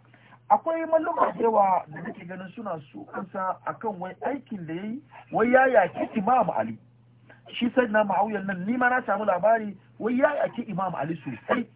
akwai malluma da yawa da nake ganin suna su kansa akan wai aikin da yayi wai ya yaki imam ali shi sai na mahawiya nan ni ma na samu labari wai ya yaki imam ali sosai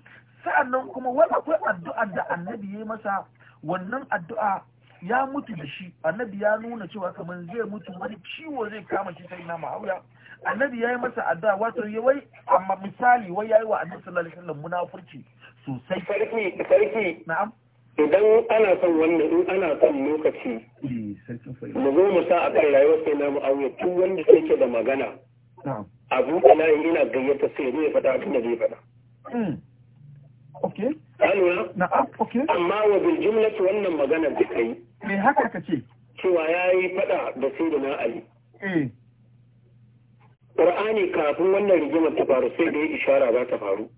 sa'annan kuma wai akwai addu'ar da annabi ya masa wannan addu'a ya mutu da shi annabi ya nuna cewa kamar zai mutu wani ciwo zai kama shi sai na ma'auya annabi ya yi masa addu'a wato ya wai amma misali wai ya yi wa annabi sallallahu alaihi wasallam munafurci sosai sarki sarki na'am idan ana son wannan in ana son lokaci eh, mu zo mu sa a kan rayuwar sai na ma'auya tun wanda yake da magana abu kana ina gayyata sai ne ya faɗa abin da zai faɗa hmm. Okay. Na'am, okay. Amma wa bil jumlati wannan maganar da kai. me haka ka ce cewa ya yi faɗa da sai da na'ali ƙar'ani eh. kafin wannan rigimar ta faru sai da ya ishara za ta faru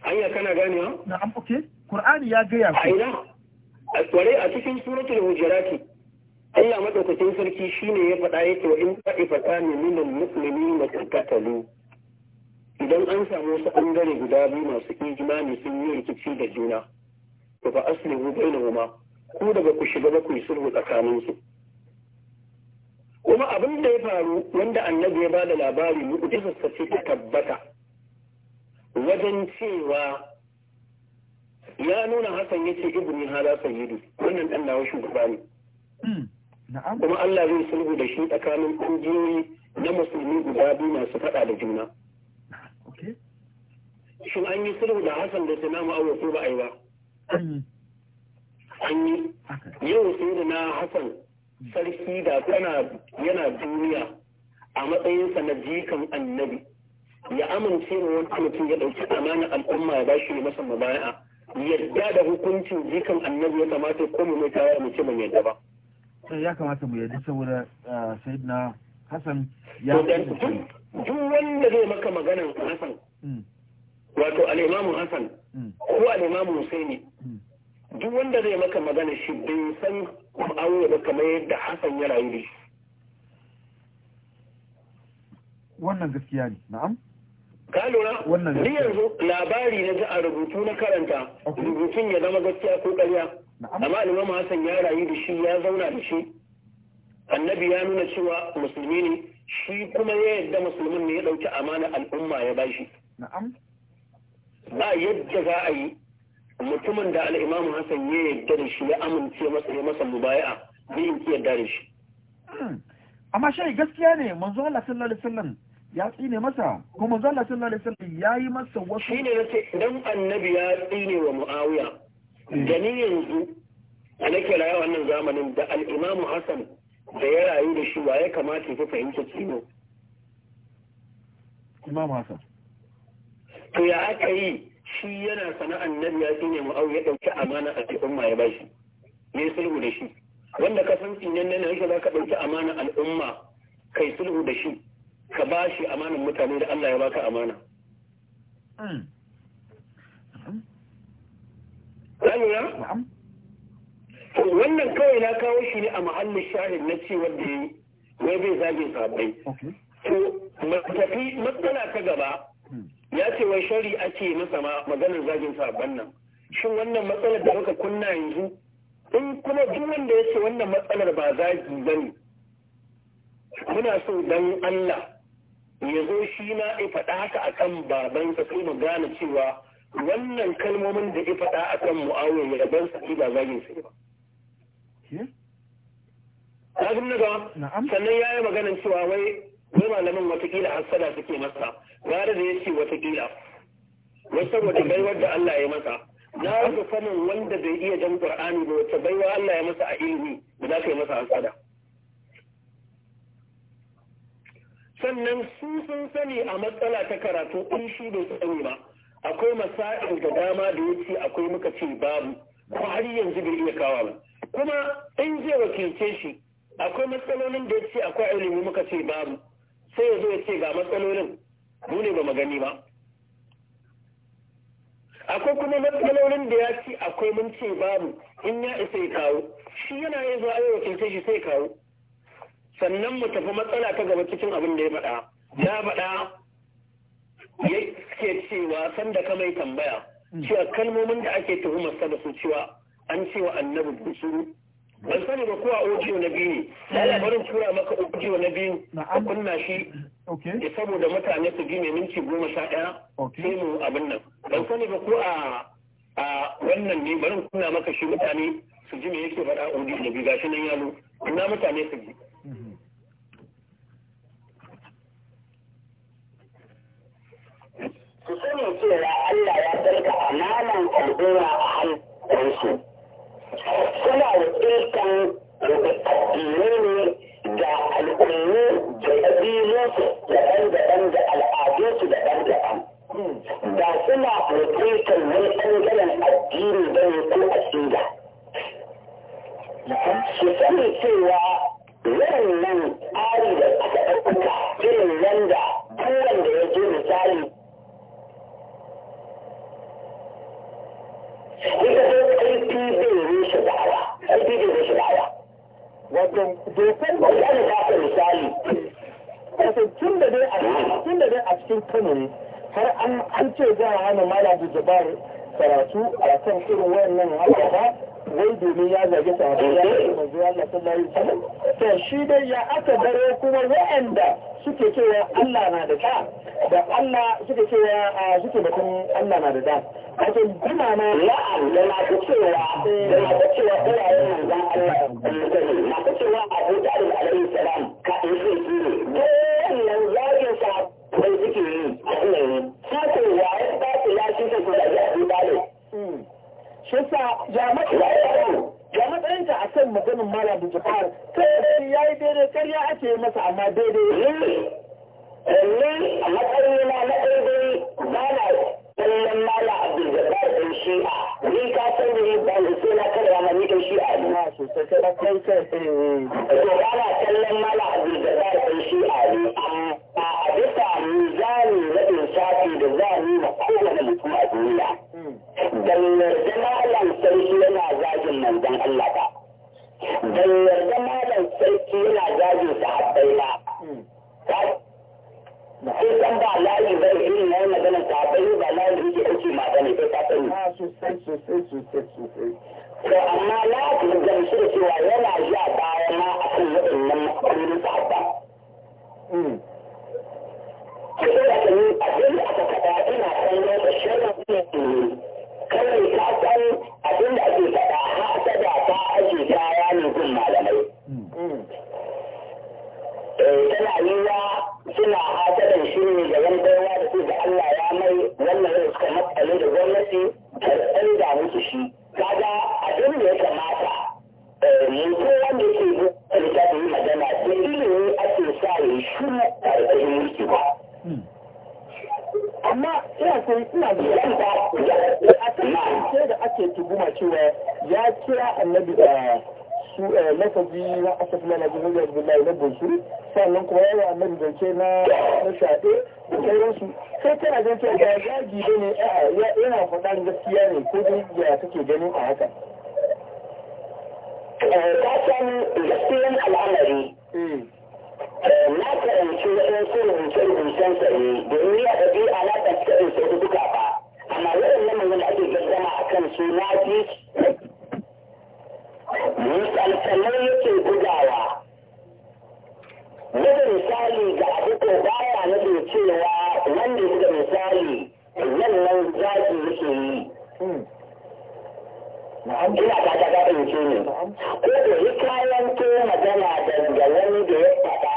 hanyar kana ganewa na an fuke ƙur'ani ya gaya ku a a tsare a cikin suratul hujjarati Allah madaukakin sarki shine ya faɗa yake wa in faɗa ne nuna musulmi na tattatalu idan an samu wasu ɓangare guda biyu masu ne sun yi rikici da juna to fa aslihu bainahuma ku daga ku shiga ba ku yi sulhu tsakanin su kuma abin da ya faru wanda annabi ya bada labari mu kuɗi sassace ta tabbata wajen cewa ya nuna hasan yace ibni hala sayyidu wannan dan nawa shugaba ne hmm, kuma Allah zai sulhu da shi tsakanin ƙungiyoyi na musulmi guda biyu masu faɗa da juna. Shin an yi sulhu da Hassan da Sinamu Awo ko ba a yi ba? Mm. yau sai na Hassan sarki da yana duniya a matsayinsa na jikan annabi ya amince wa wani mutum ya ɗauki amana al'umma ya bashi masa mabaya yadda da hukuncin jikan annabi ya kamata ko mu mai tawaya mu ce mu yadda ba ya kamata mu yadda saboda ah, na hassan ya duk wanda zai maka maganar Hassan. Mm. wato al'imamu hassan hmm. ko al'imamu husaini hmm. duk wanda zai maka magana shi bai san ma'awo da kamar yadda hassan ya rayu wannan gaskiya ne na'am ka lura ni yanzu labari na ji a rubutu na karanta rubutun ya zama gaskiya ko ƙarya amma al'imamu hassan ya rayu da shi ya zauna da shi annabi ya nuna cewa musulmi ne shi kuma ya yadda musulmin ne ya ɗauki amana al'umma ya bashi na'am ba yadda za a yi mutumin da al'imamu hassan ya yadda da shi ya amince masa ya masa mubaya'a bai in da shi hmm. amma shi gaskiya ne manzo Allah sallallahu alaihi wasallam ya tsine masa kuma manzo Allah sallallahu alaihi wasallam ya yi masa wasu ne nace idan annabi ya tsine wa muawiya hmm. da ni yanzu a nake rayuwa wannan zamanin da al'imamu hassan da ya rayu da shi wa ya kamata ya fahimta tsino imam hassan to ya aka yi shi yana sana annabi ya tsine ma'au ya ɗauki amana a al'umma ya bashi ne sulhu da shi wanda ka san tsinen nan yake za ka ɗauki amana al'umma kai sulhu da shi ka ba shi amanan mutane da Allah ya baka amana. Zanura? Hmm. Hmm. Wannan kawai na kawo shi ne a mahallin shahid na ce wanda ya yi, wai bai zagin sabai. To, matafi matsala ta gaba, hmm. ya ce wai shari ake masa maganar zagin sabon nan shin wannan matsalar da muka kunna yanzu in kuma duk wanda ya ce wannan matsalar ba zagi ba ne muna so dan Allah ya zo shi na ya faɗa haka akan babansa sai mu gane cewa wannan kalmomin da ya faɗa akan mu'awiyar ya ban sa ba zagin sai ba Kafin na gawa sannan ya yi maganin cewa wai wai malamin watakila hassada suke masa gara da ya ce wata kila wasu saboda baiwar da Allah ya masa na rufe sanin wanda bai iya jan qur'ani ba wata baiwa Allah ya masa a ilimi da za ka yi masa hasada sannan su sun sani a matsala ta karatu in shi bai sani ba akwai masa'in da dama da ya ce akwai muka ce babu ko har yanzu bai iya kawo ba kuma in zai wakilce shi akwai matsalolin da ya ce akwai ilimi muka ce babu sai ya zo ya ce ga matsalolin mu ne ba magani ba akwai kuma matsalolin da ya ci akwai mun ce babu in ya isa ya kawo shi yana yin zuwa yau wakilce shi sai kawo sannan mu tafi matsala ta gaba cikin abin da ya faɗa ya faɗa ya ke cewa sanda ka mai tambaya hmm. cewa kalmomin da ake tuhumar sa da su cewa an cewa annabi busuru ban sani ba ko a audio na biyu ne barin tura maka audio na biyu a kunna shi da saboda mutane su ji mai minti goma sha ɗaya sai mu abin nan ban sani ba ko a wannan ne barin kunna maka shi mutane su ji me yake faɗa audio na biyu gashi nan yalo kunna mutane su ji su sani cewa Allah ya ɗauka amanan al'umma a hannunsu suna wakiltan addinai ne da al'ummu da ƙabilunsu daban-daban da al'adunsu daban-daban. Da suna wakiltan wani ɓangaren addini da ne ko asida. Su sani cewa nan tsari da aka ɗaukuka irin wanda da ya je misali. Ita الحياة الفيديو مش الحياة wajen dokar ya kafa misali tun da dai a tun da dai a cikin Kano ne har an ce za a hana Malam Jabar karatu a kan irin wayannan haka wai domin ya zage sahabbai ya manzo Allah sallallahu alaihi wasallam to shi dai ya aka dare kuma waɗanda suke cewa Allah na da da da Allah suke cewa suke batun Allah na da da wato bima ma la'an da na cewa da na ta cewa ina yin manzon Allah na ta cewa Abu Talib alaihi salam ka in sai ne wannan zagin sa bai suke yi a ne sai ko shi yasa ya matsayinta a kan maganin malam da jafar ta ya yi daidai karya ake yi masa amma daidai Yanni a matsayin na na daidai ba na kallon mala a da ba da shi a ni ka san da ni ba da sai na karya ma ni ɗan shi a ni. Na sosai ta kai kai. To ba na kallon mala abin da ba da shi a ni a bisa mizani na insafi da za ni na kowane mutum a duniya. ban yarda malam sarki yana zagin manzon Allah ba ban yarda malam sarki yana zagin sahabbai ba sai san ba layi ba irin na magana sahabbai ba layi da yake ɗauke magana sai ta sani ah, sosai sosai sosai sosai to amma na gamsu da cewa yana zuwa baya ma akan waɗannan matsalolin sahabban Allah na kuma yawa zance na da sauransu sai tana jin cewa ba zagi ba ne a'a yana ne ko dai ya ganin a haka. Eh, ka san gaskiyan al'amari hmm. eh, na karanci waɗansu rubuce-rubucen domin ya ɗabi alaƙar in duka ba amma waɗannan ake gaggama a kan su na ji yake gudawa buga misali ga abu ko na nufin cewa wanda buga misali wannan zaki yake yi. Ina ta ta gaɗin ce ne. Ko da yi kayan ke magana daga wani da ya faɗa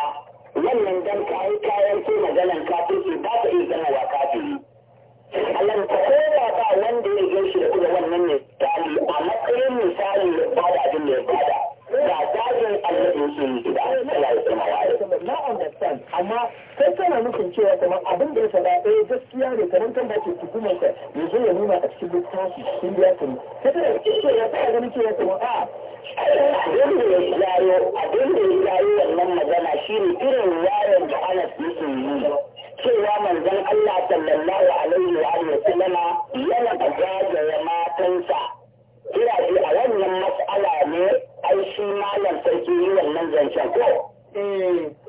wannan dan ka yi kayan ke maganan kafin ba ta iya zama wa kafin? Allah ta ko ba wanda ya gaishe da kuma wannan misali a matsayin misali ya faɗa abin da ya faɗa? Ba zagin Allah yake yi ba. Allah ya tsamawa ya understand amma kai kana nufin cewa kamar abin da ya faɗa ɗaya eh, gaskiya ne kamar kan ba ke hukumar ya zo ya nuna a cikin littafi sun ya ne ka kana da cewa ya fara ganin cewa kamar a ah, abin da ya jayo abin da ya jayo wannan magana shine irin wayar da Anas yake yi cewa manzon Allah sallallahu alaihi wa alihi sallama yana gajaya matansa kira ji a wannan mas'ala ne ai shi malam sarki yi wannan zancen ko eh.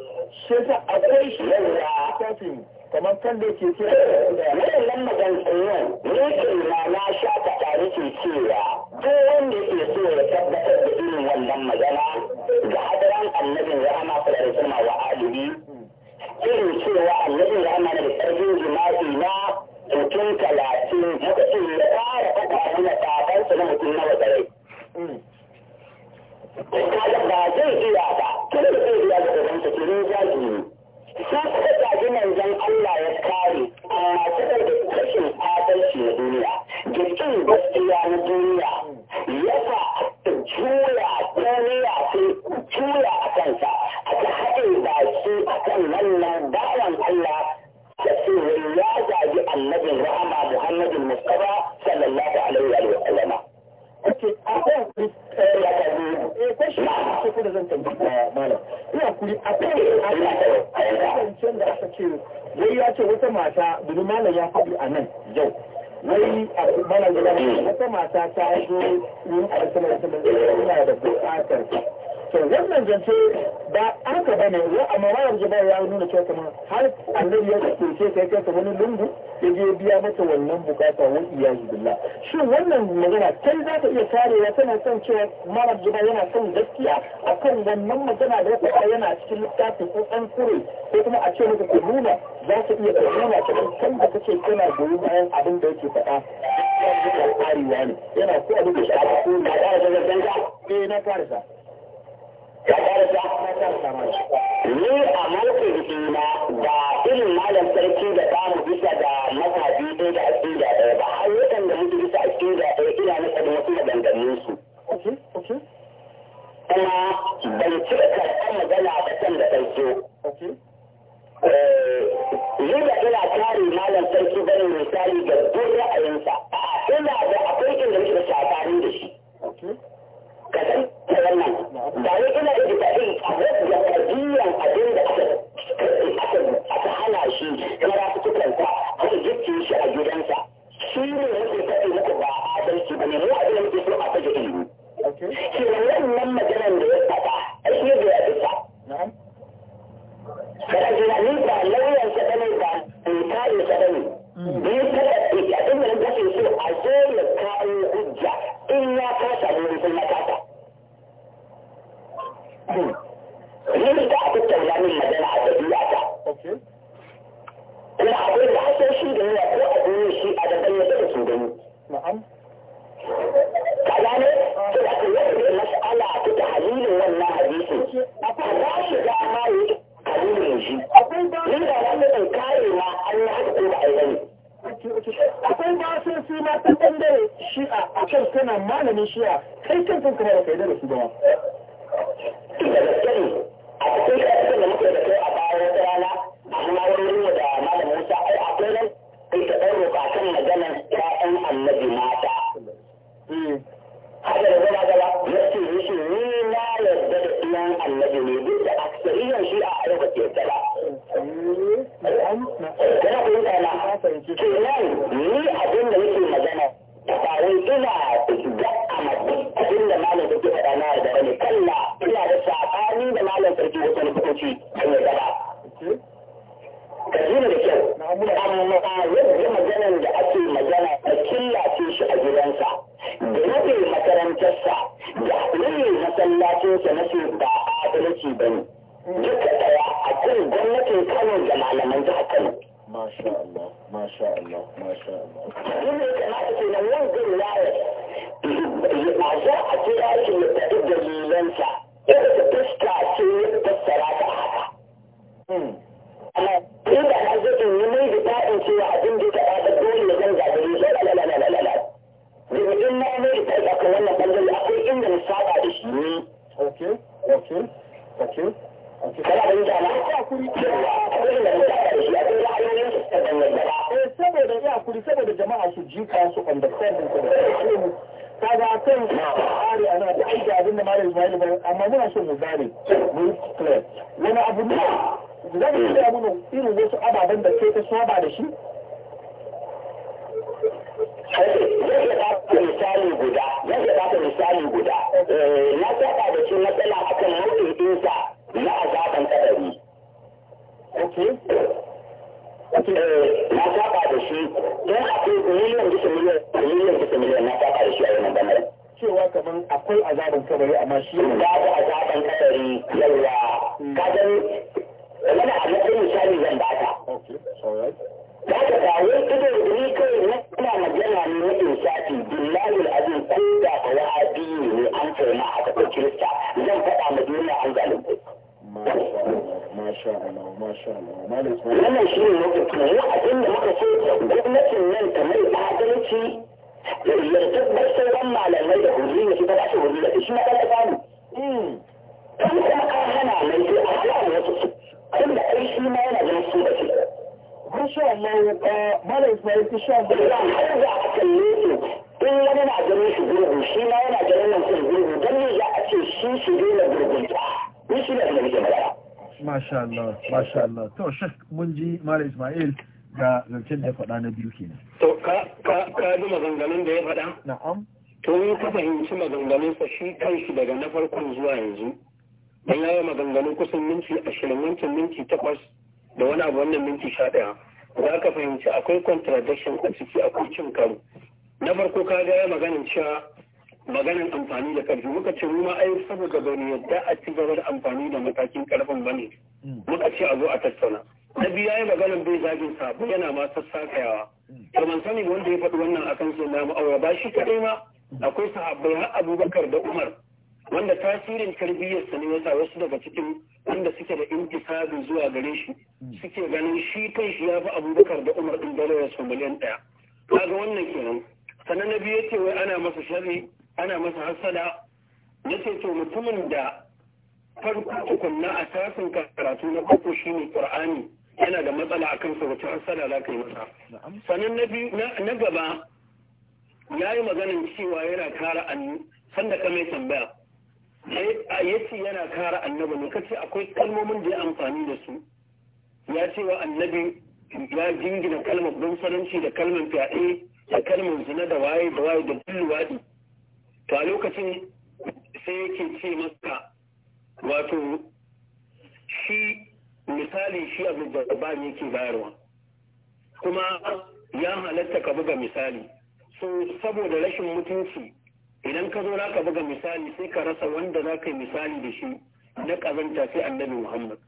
shi ta akwai shi yawa kafin kamar kan da ke fiye da wannan magan tsayon ne ke na na sha ta tare ya sani son ce mara gida yana son gaskiya a kan wannan magana da ya yana cikin littafi ko an kure ko kuma a ce maka ku nuna za su iya ku nuna cikin san da kake kana goyon bayan abin da yake faɗa yana ko abin da shi a ko eh, na ƙara da zarganka ne na karasa ya karasa na karasa ma ni a mulkin jina su da yawa ko a duniya shi a da bayyana da su gani. Ka Sai da ka yadda mas'ala ta wannan hadisin. A ba shi dama ya yi tahlilin shi. Ni da wannan kare ma an yi haka ko ba a yi bane. akwai wasu su ma ta shi'a a kan suna malamin shi'a kai kan sun kuma da kai da su ba شاء الله ما شاء الله ما شاء الله ما يكون هو أكيد ما يكون لكن أنت ما يعتبر شيء يرتب بس يضم على الميل الحزين في بلحسه ولا إيش ما تفهم أمم كم سنة كان هنا على الميل على كل أي شيء ما هنا من الصورة كده ما شاء الله يبقى ما لا يسمع إيش ما هذا كله إلا من عدم يشبه شيء ما هنا عدم يشبه دم يجعل شيء شيء شيء لا يشبه شيء لا يشبه masha Allah masha Allah to shek mun ji Malam Ismail ga zancen da faɗa na biyu kenan to ka ka ka ji maganganun da ya faɗa na'am to in ka fahimci maganganun sa shi kanshi daga na farko zuwa yanzu dan yayi maganganun kusan minti 20 minti minti 8 da wani abu wannan minti 11 za ka fahimci akwai contradiction a ciki akwai cin karo na farko ka ga ya maganin cewa maganin amfani da karfi muka ce mu ma ai saboda bane yadda a ci gaba da amfani da matakin karfin bane hmm. muka ce a zo a tattauna na biyu yi maganin bai zagin sa yana ma sassakayawa hmm. to man sani wanda ya faɗi wannan akan sai na mu'awara ba shi kadai ma hmm. akwai sahabbai har Abubakar da Umar wanda tasirin tarbiyyarsa ne yasa wasu daga cikin wanda suke da intisabi zuwa gare shi suke ganin shi kai shi ya Abubakar da Umar din dalilin su miliyan ɗaya kaga wannan kenan sannan na biyu yace wai ana masa sharri ana masa hassada na ce to mutumin da farko tukunna a tasin karatu na uku shi ne ƙur'ani yana da matsala a kansa wacce hassada za ka yi masa sannan na gaba ya yi maganin cewa yana kara sanda ka mai tambaya ya yana kara annabi ne kace akwai kalmomin da ya amfani da su ya ce wa annabi ya jingina kalmar don sananci da kalmar fyaɗe da kalmar zina da waye da waye da bulluwaɗi to a lokacin sai yake ce maka wato shi misali shi abu jabbar yake bayarwa kuma ya halatta ka buga misali so saboda rashin mutunci idan ka zo ka buga misali sai ka rasa wanda za ka yi misali da shi na kazanta sai annabi muhammad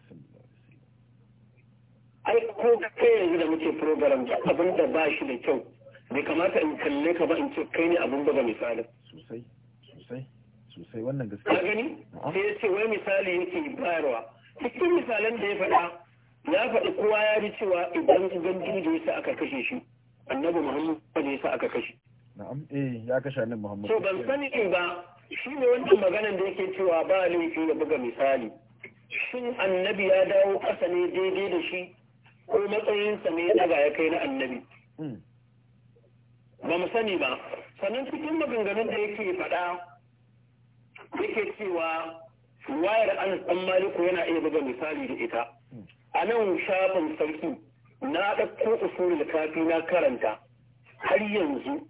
ai ko kai yanzu da muke program abin da ba shi da kyau bai kamata in kalle ka ba in ce kai ne abin buga misalin sosai sosai sosai wannan gaskiya ka gani sai ya ce wai misali yake bayarwa cikin misalan da ya faɗa ya faɗi kowa ya ji cewa idan gandu da yasa aka kashe shi annabi muhammad ne yasa aka kashe na'am eh ya kashe annabi muhammad so ban sani in ba shi ne wannan maganan da yake cewa ba laifi ya buga misali shin annabi ya dawo ƙasa ne daidai da shi ko matsayinsa ne ya daga ya kai na annabi hmm. ba mu sani ba sannan cikin maganganun da yake faɗa yake cewa wayar an san maliku yana iya buga misali da ita a nan shafin sarki na ɗauko usulul kafi na karanta har yanzu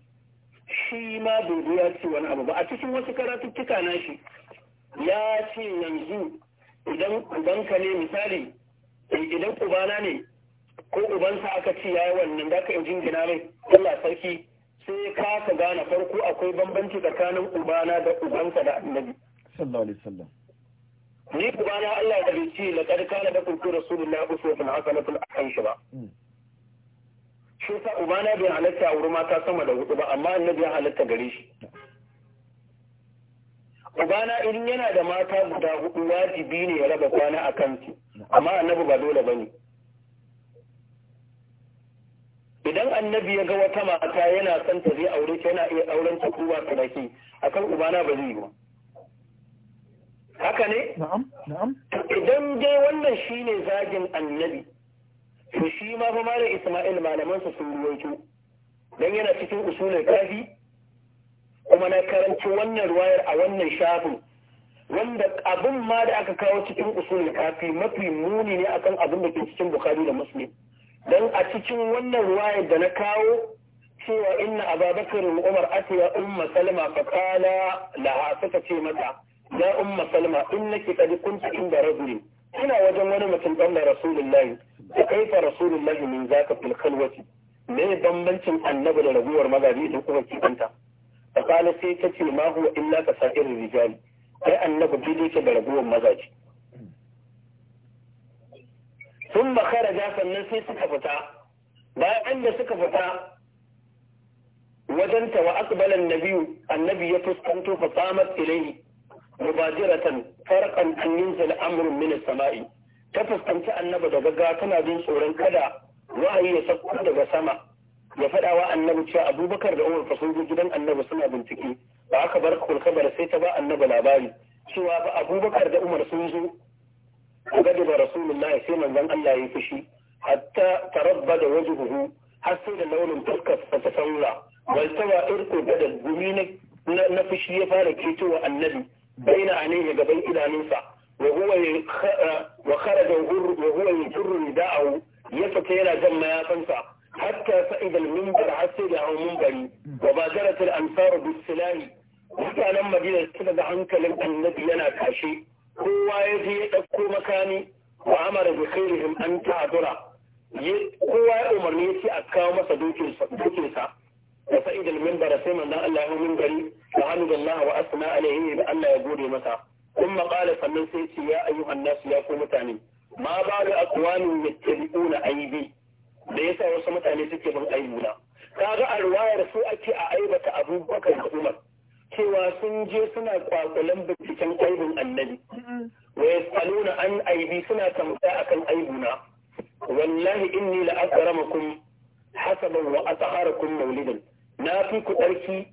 shi ma bai ya ce wani abu ba a cikin wasu karatuttuka na shi ya ce yanzu idan ubanka ne misali idan ubana ne ko ubansa aka ce ya yi wannan za ka yi jingina mai Allah sarki sai ka ka gane farko akwai bambanci tsakanin ubana da ubansa da annabi sallallahu alaihi wasallam ni ubana Allah da bai ce na kad na da na haka na hasanatun akan shi ba hmm. shi ubana bai halatta a wuri mata sama da hudu ba amma annabi ya halatta gare shi ubana in yana da mata guda hudu wajibi ne ya raba kwana a kansu hmm. amma annabi ba dole ba ne. idan annabi ya ga wata mata yana son ta zai aure ta yana iya auren ta kuwa sadaki akan ubana ba zai yi ba haka ne na'am na'am idan dai wannan shine zagin annabi to shi ma fa malam Isma'il malaman su sun ruwaito dan yana cikin usulul kafi kuma na karanci wannan ruwayar a wannan shafin wanda abin ma da aka kawo cikin usulul kafi mafi muni ne akan abin da ke cikin Bukhari da Muslim dan a cikin wannan ruwayar da na kawo cewa inna ababakar umar atiya umma salma fa qala laha suka ce mata ya umma salma innaki qad kunta inda rajulin ina wajen wani mutum dan da rasulullahi da kaifa rasulullahi min zaka fil khalwati me bambancin annabi da raguwar magaji da kuma kibanta fa qala sai ta ce ma huwa illa ka sa'irin rijali ai annabi bi da raguwar mazaji sun makara sannan sai suka fita bayan da suka fita wajenta wa akbalan nabiyu annabi ya fuskanto fa qamat ilayhi mubadiratan farqan an yunzil amrun min as-sama'i ta fuskanci annabi da gaggawa tana jin tsoron kada wahayi ya sauko daga sama ya faɗa wa annabi cewa abubakar da umar fasun zo gidan annabi suna bincike ba aka bar kulkabar sai ta ba annabi labari cewa ba abubakar da umar sun zo gajaba rasulullahi sai manzon Allah ya yi fushi hatta tarabba da wajuhu har sai da launin fuskar sa ta saura wal a irko da gumi na fushi ya fara ketowa annabi baina alaihi gaban idanunsa wa huwa ya khara wa yana jan mayakansa hatta sa'idal minbar har sai da hawo minbari wa bazaratul ansaru bisilahi mutanen madina suka ga hankalin annabi yana kashe kowa ya je ya ɗauko makami wa amara bi khairihim an ta'dura kowa ya umarni ya ce a kawo masa dokinsa da sa'id al-minbar sai manzon Allah ya minbari da hamdulillah wa asma alaihi da Allah ya gode masa kuma qala sannan sai ce ya ayyuhan nas ya ku mutane ma ba da aqwamin yattabi'una aibi da yasa wasu mutane suke bin aibuna kaga a riwayar su ake a aibata Abubakar da Umar cewa sun je suna kwakulan binciken aibin annabi wa yasaluna an aibi suna tambaya akan aibuna wallahi inni la akramakum hasaban wa ataharakum maulidan na fi ku tsarki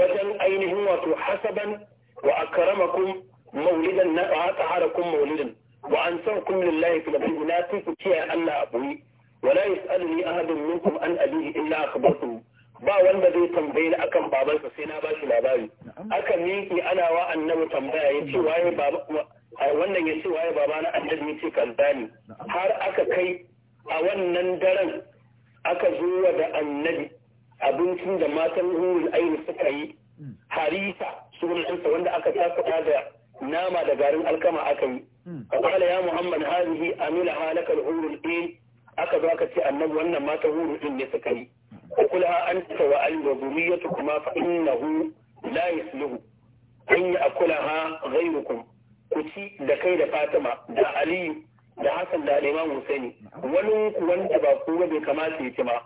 wajen ainihin wato hasaban wa akramakum maulidan na wa ataharakum maulidan wa an san kun lillahi fil bayt na fi ku kiyaye Allah a boye wala yasaluni ahadun minkum an abihi illa akhbartuhu ba wanda zai tambayi ni akan babansa sai na bashi labari aka miƙe ana wa annabi tambaya ya ce waye baba wannan ya ce waye baba na annabi ya ce har aka kai a wannan daren aka zo da annabi abincin da matan hurul aini suka yi hmm. harisa sunansa wanda aka takuta da nama da garin alkama aka yi فقال يا محمد هذه أملها لك الحور الإين أكذا كتي أنه وأن ما ne suka yi. وقل ها أنت وأن وذريتكما فإنه لا يسلم أن يأكلها غيركم كتي دكي لفاطمة دا علي da kai da Imam Husaini wani wanda ba kowa bai kamata ya ci ba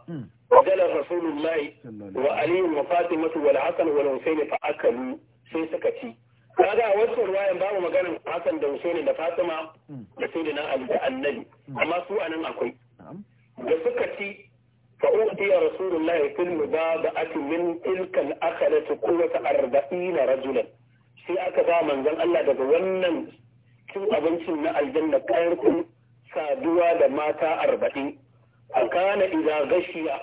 wajalar Rasulullahi wa Ali wa Fatima wal Hassan wal Husaini fa akalu sai suka ci kaga a wasu ruwayan babu maganin Hassan da Husaini da Fatima da sai na Ali da Annabi amma su anan akwai da suka ci فأوتي رسول الله في atimin ilkan تلك الأخذة قوة أربعين رجلا sai aka ba manzan Allah daga wannan cin abincin na aljanna kayan saduwa da mata arba'in a kana idan gashiya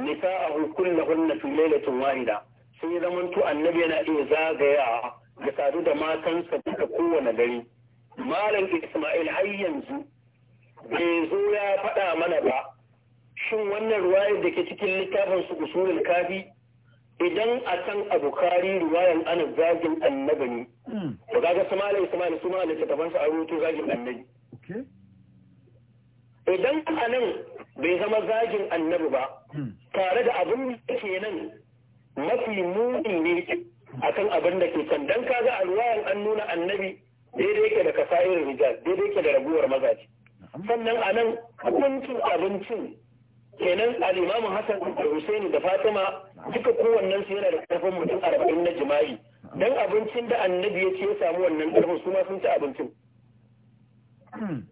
nisa'ahu kullahunna fi lailatin wahida sai zamantu annabi yana iya zagaya ga sadu da matansa duka kowane gari malam Isma'il har yanzu bai zo ya faɗa mana ba shin wannan ruwayar da ke cikin littafin su usulul kafi idan a can a bukari ruwayan ana zagin annaba ne hmm. to kaga su malai ismail su malai littafan su a rubutu zagin annabi idan a nan bai zama zagin annabi ba hmm. tare da abin da ke nan mafi muni ne akan abin da ke can dan kaga a ruwayan an nuna annabi daidai ke da irin rijal daidai ke da raguwar mazaje sannan a nan hukuncin abincin kenan al'imamu hassan da hussein da fatima duka kowannen su yana da karfin mutum arba'in na jima'i dan abincin da annabi ya ce ya samu wannan karfin su ma sun ci abincin hmm.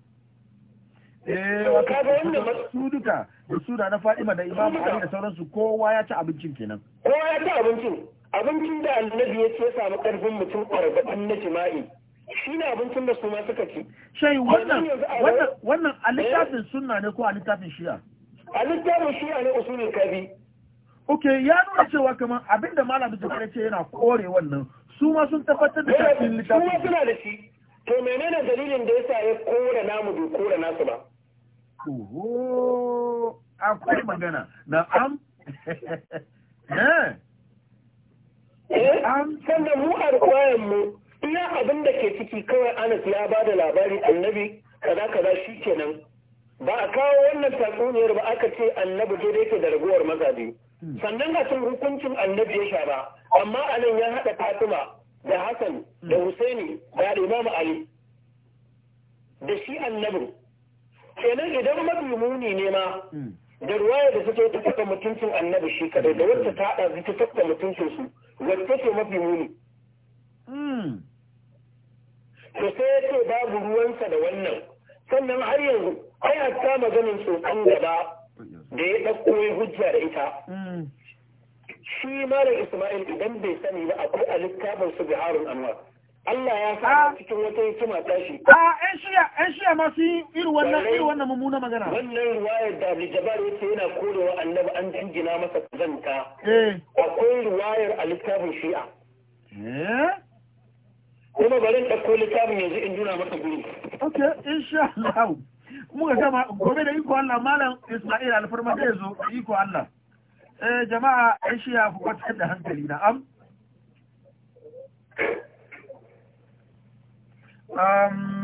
eh, su duka da su na fatima da imam ali da sauransu kowa ya ci abincin kenan kowa ya ci abincin abincin da annabi ya ce ya samu karfin mutum arba'in na jima'i shi ne abincin da su ma suka ci shai wannan wannan suna eh? sunna ne ko alitafin shi'a a littafin shi ne usulin kafi ok ya nuna cewa kamar abinda malam da ya ce yana kore wannan su ma sun tabbatar da tafsirin littafin eh, su suna da shi to menene dalilin da yasa ya kore namu bai kore nasu ba oho akwai magana na am Am sanda mu a kwayan mu iya abin da ke ciki kawai Anas ya ba da labari annabi kaza kaza shi kenan ba a kawo wannan tatsuniyar ba aka ce annabi dai yake da raguwar mazaje hmm. sannan ga sun hukuncin annabi ya sha ba amma nan ya haɗa fatima da hassan hmm. da husaini da imamu ali da shi annabin kenan idan mafi muni ne ma hmm. da ruwaya da suke ta taɓa mutuncin annabi shi kadai da wacce ta haɗa ta taɓa mutuncin su wacce ce mafi muni to sai ya ce babu ruwansa da wannan sannan har yanzu ai hatta maganin tsotsan gaba da ya ɗauko ya hujja da ita hmm. shi mara isma'il idan bai sani ba akwai a littafin su biharun anwar Allah ya sa ah. cikin wata hikima tashi. A ah, ƴan shiya ƴan shiya ma su yi irin wannan irin wannan mummuna magana. Wannan riwayar da Abu Jabbar yake yana korewa Annabi an jingina masa kazanta. Eh. Akwai riwayar a littafin Shi'a. Eh? Kuma bari in ɗauko littafin yanzu in nuna maka guri. Okay, insha Allah. muka gama gobe da iko Allah malam Isma'il alfarma zai zo da iko Allah eh jama'a ai ya fi kwatar da hankali na am um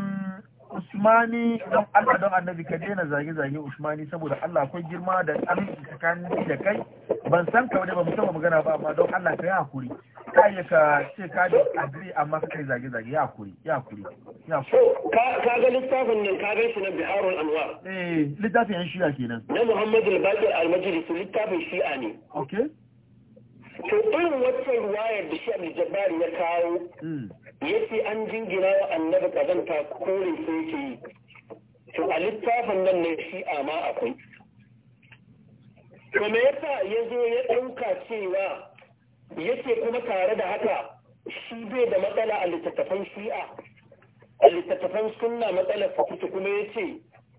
Usmani don Allah don Annabi ka daina zage-zage Usmani saboda Allah akwai girma da aminci tsakanin da kai ban san ka wani ba musamma magana ba amma don Allah ka yi hakuri ka yi ka ce ka agree amma ka kai zage-zage hakuri ya hakuri ka ga littafin nan ka gan shi na biharul anwar eh littafin yan shi'a kenan na muhammadu al-baqir al-majlisi littafin shi'a ne okay to irin waccan ruwayar da shi al-jabbari ya kawo hmm. yace an jingina wa annabi kazanta kore sai yake yi to a littafin nan ne shi'a ma akwai to me yasa ya ya ɗauka cewa yace kuma tare da haka shi bai da matsala a littattafan shi'a littattafan suna matsalar fito kuma ya ce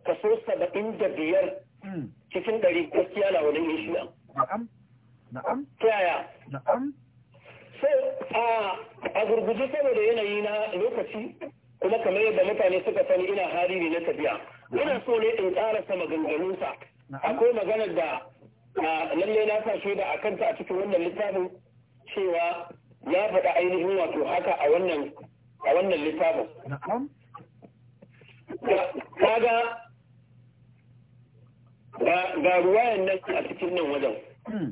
kaso saba'in da biyar hmm. cikin ɗari gaskiya na wani yin shi'a. Na'am, na'am. Yaya? Na'am. Sai a gurguje saboda yanayi na lokaci kuma kamar yadda mutane suka sani ina hariri na tafiya. Ina so ne in ƙarasa maganganunsa. Akwai maganar da lalle na sa shaida a kanta a cikin wannan littafin cewa ya faɗa ainihin wato haka a wannan a wannan littafin kaga ga ruwayan nan a cikin nan wajen hmm.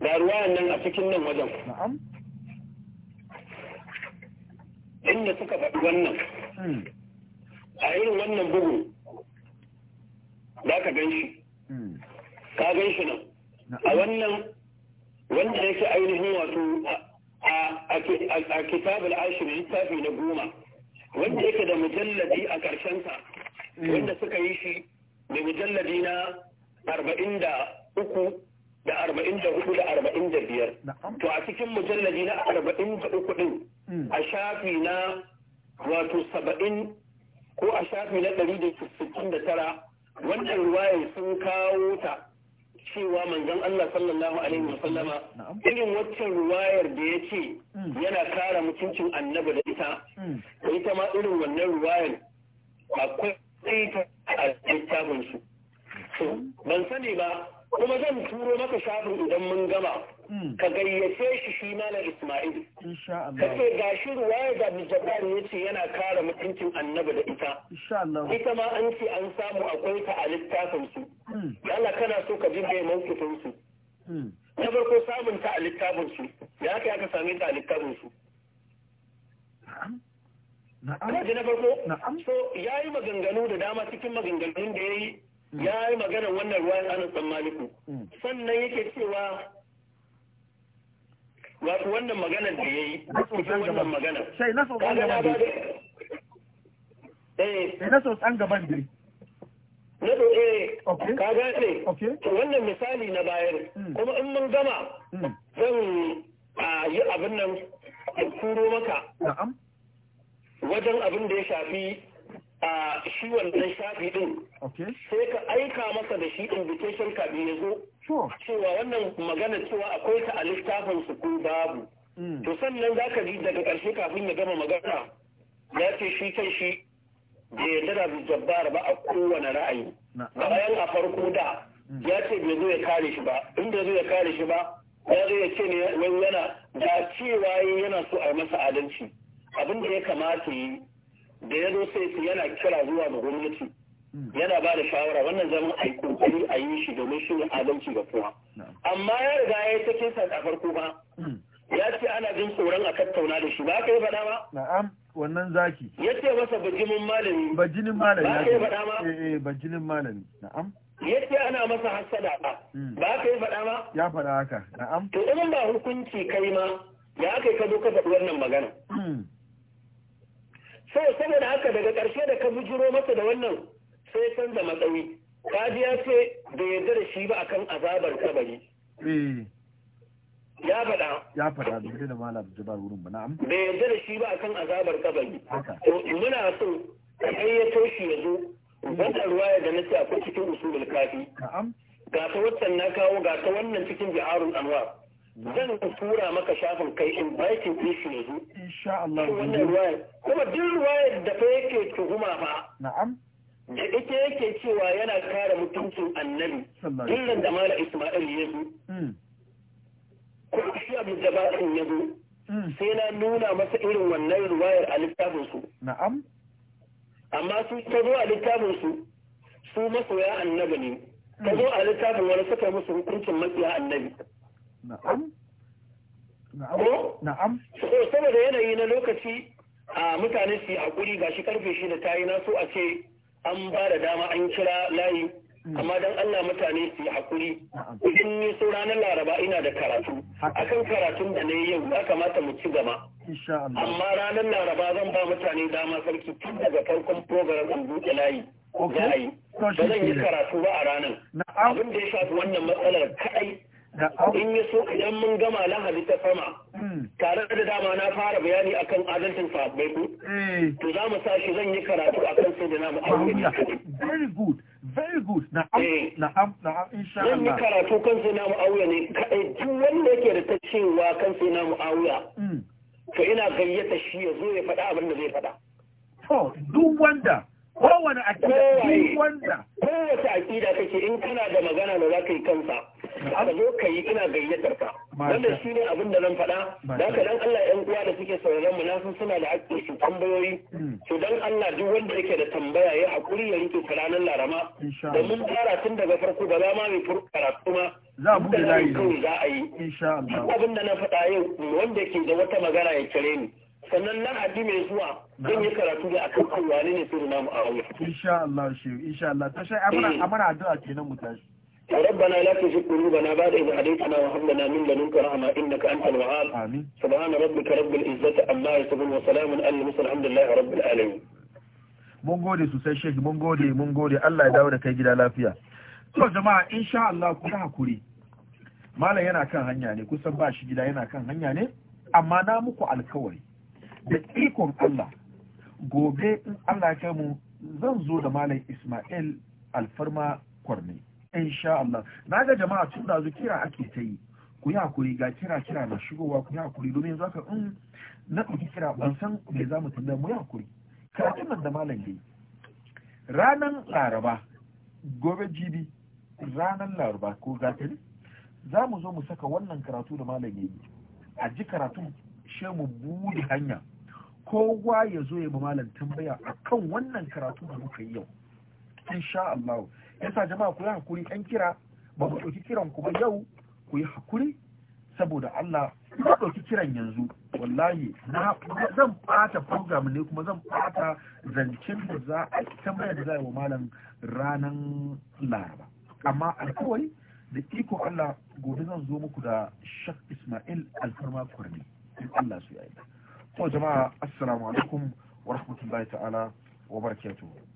ga ruwayan nan a cikin nan wajen inda suka faɗi wannan hmm. a irin wannan bugu za ka gan shi hmm. ka gan shi nan a wannan wanda yake ainihin wato a kitab al-ashir littafi na goma wanda yake da mujalladi a ƙarshensa hmm. wanda suka yi shi da mujalladi na arba'in da uku da arba'in da hudu da arba'in da biyar to a cikin mujalladi na arba'in da uku din hmm. a shafi na wato saba'in ko a shafi na ɗari da sittin da tara wannan ruwayar sun kawo ta cewa manzon Allah sallallahu alaihi wa sallama irin waccan ruwayar da ya ce mm. yana kara mutuncin annabi da ita mm. da ita ma irin wannan ruwayar akwai ta a littafin su ban sani ba kuma zan turo maka shafin idan mun gama Hmm. ka gayyace shi shi na Ismail ka ce ga shi ruwaya da Abdul ya ce yana kare mutuncin annabi da ita ita ma an ce an samu akwai ta a littafin su hmm. Allah kana so ka ji bai mawkifin su hmm. na farko samun ta a littafin su ya ka aka same ta a littafin su Kaji na farko, so ya yi maganganu da dama cikin maganganun da ya yi, ya yi maganar wannan ruwan anas tsammaliku. Sannan yake cewa wato wannan maganar da ya yi wannan maganar sai na so gaban eh na so gaban dai na so eh ka gane wannan misali na bayar hmm. kuma in mun gama hmm. zan yi abin nan kuro maka wajen abin da ya shafi a shi wannan shafi din sai ka aika masa da shi invitation card ya zo cewa wannan magana cewa akwai ta a littafin su ko babu mm. to sannan za ka ji daga ƙarshe kafin ya gama magana ya ce shi kan shi bai yarda da jabbar ba a kowane ra'ayi a bayan a farko da mm. ya ce bai zo ya kare shi ba inda zo ya kare shi ba ya zo ya ce ne wani yana da cewa yana so a masa adalci abin da ya kamata yi da ya zo sai yana kira zuwa ga gwamnati yana ba da shawara wannan zaman a yi kokari a yi shi domin shi ne adalci ga kowa amma ya riga ya yi sakin sa da farko ba hmm. ya ce ana jin tsoron a tattauna da shi ba ka yi faɗa ba na'am wannan zaki ya ce masa bajinin malami bajinin malami ba ka yi faɗa ma eh, eh bajinin malami na'am ya ce ana masa hassada ba hmm. ba ka yi faɗa ma ya faɗa haka na'am to in ba hukunci kai ma ya aka yi ka zo ka faɗi wannan magana hmm. sai saboda haka daga ƙarshe da ka bujiro masa da wannan sai canza matsayi kaji ya ce da yarda da shi ba akan azabar kabari eh. ya faɗa ya faɗa da da malam jabar wurin ba na'am da yarda da shi ba akan azabar kabari to muna so kai ya toshi ya zo wannan ya da nace akwai cikin usulul kafi na'am ga ta wannan na kawo ga ta wannan cikin jiharun anwar zan tura maka shafin kai in bakin kishi yanzu insha Allah wannan kuma duk ruwayar da fa yake tuhuma fa na'am da ita yake cewa yana kare mutuncin annabi dillan da mala isma'il ya zo hmm. ko shi abu jaba'in ya zo hmm. sai na nuna masa irin wannan ruwayar a littafinsu na'am amma su ta zo a littafinsu su masoya annabi ne ta hmm. zo a littafin wani suka musu hukuncin masoya annabi na'am na'am saboda yanayi na lokaci a mutane su yi haƙuri gashi karfe shi da ta yi na so a ce an ba da dama an kira layi mm. amma don Allah mutane su yi hakuri idan ni so ranar laraba ina da karatu akan karatun da na yi yau ya kamata mu ci gama. amma ranar laraba zan ba mutane dama sarki tun daga farkon program an buɗe layi ba zan yi karatu ba a ranar abin da ya shafi wannan matsalar kaɗai in yi so idan mun gama lahadi ta sama tare da dama na fara bayani akan adalcin sahabbai ku eh. to za mu sashi zan yi karatu akan sai da na mu'awiyar very good very good eh. insha Allah zan yi karatu kan sai na mu'awiya ne kai duk wanda yake da ta cewa kan sai na mu'awiya hmm. to ina gayyata shi ya zo ya faɗa abin da zai faɗa to duk wanda kowane aƙida wanda kowace aƙida kake in kana da magana da za ka yi kansa a zo ka yi ina gayyatar ka wanda shi ne abin da zan faɗa da ka dan Allah ƴan uwa da suke sauraron mu na san suna da haƙƙi su tambayoyi hmm. to dan Allah duk wanda yake da tambaya ya hakuri ya rike karanan ranar Laraba da mun fara tun daga farko ba za ma mai karatu ma za a da za a yi abin da na faɗa yau wanda ke da wata magana ya kire ni sannan lahadi mai zuwa zan yi karatu da akan kan wane ne sirri namu a wuya. Insha Allah shi, insha Allah. Ta shai amana hmm. addu'a kenan mu tashi. ربنا لا تزغ قلوبنا بعد إذ هديتنا وهب لنا من لدنك رحمة إنك أنت الوهاب سبحان ربك رب العزة عما يصفون وسلام salamun المرسلين الحمد لله رب العالمين mun gode sosai sheik mun gode mun gode Allah ya dawo da kai gida lafiya to jama'a insha Allah ku hakuri malam yana kan hanya ne kusan ba shi gida yana kan hanya ne amma na muku alkawari da ikon Allah gobe in Allah kai mu zan zo da malam Ismail alfarma kwarne insha Allah na ga jama'a tun da zu kira ake ta yi ku yi hakuri ga kira kira na shigowa ku yi hakuri domin za ka in na ɗauki kira ban san me za mu tambaya mu yi hakuri karatun nan da malam dai ranar laraba gobe jibi ranar laraba ko gatari za mu zo mu saka wannan karatu da malam yayi a ji karatun shemu mu bude hanya kowa ya zo ya malam tambaya a kan wannan karatu da muka yi yau insha Allah sa jama'a ku yi hakuri ɗan kira ba ku ɗauki kiran ku ba yau ku yi hakuri saboda Allah ku ɗauki kiran yanzu wallahi na zan ɓata program ne kuma zan ɓata zancen da za a tambaya da za a yi wa malam ranar laraba amma alkawari da iko Allah gobe zan zo muku da Sheikh Ismail Alfarma Kwarni in Allah su yi kuma jama'a assalamu alaikum wa rahmatullahi ta'ala wa barakatuhu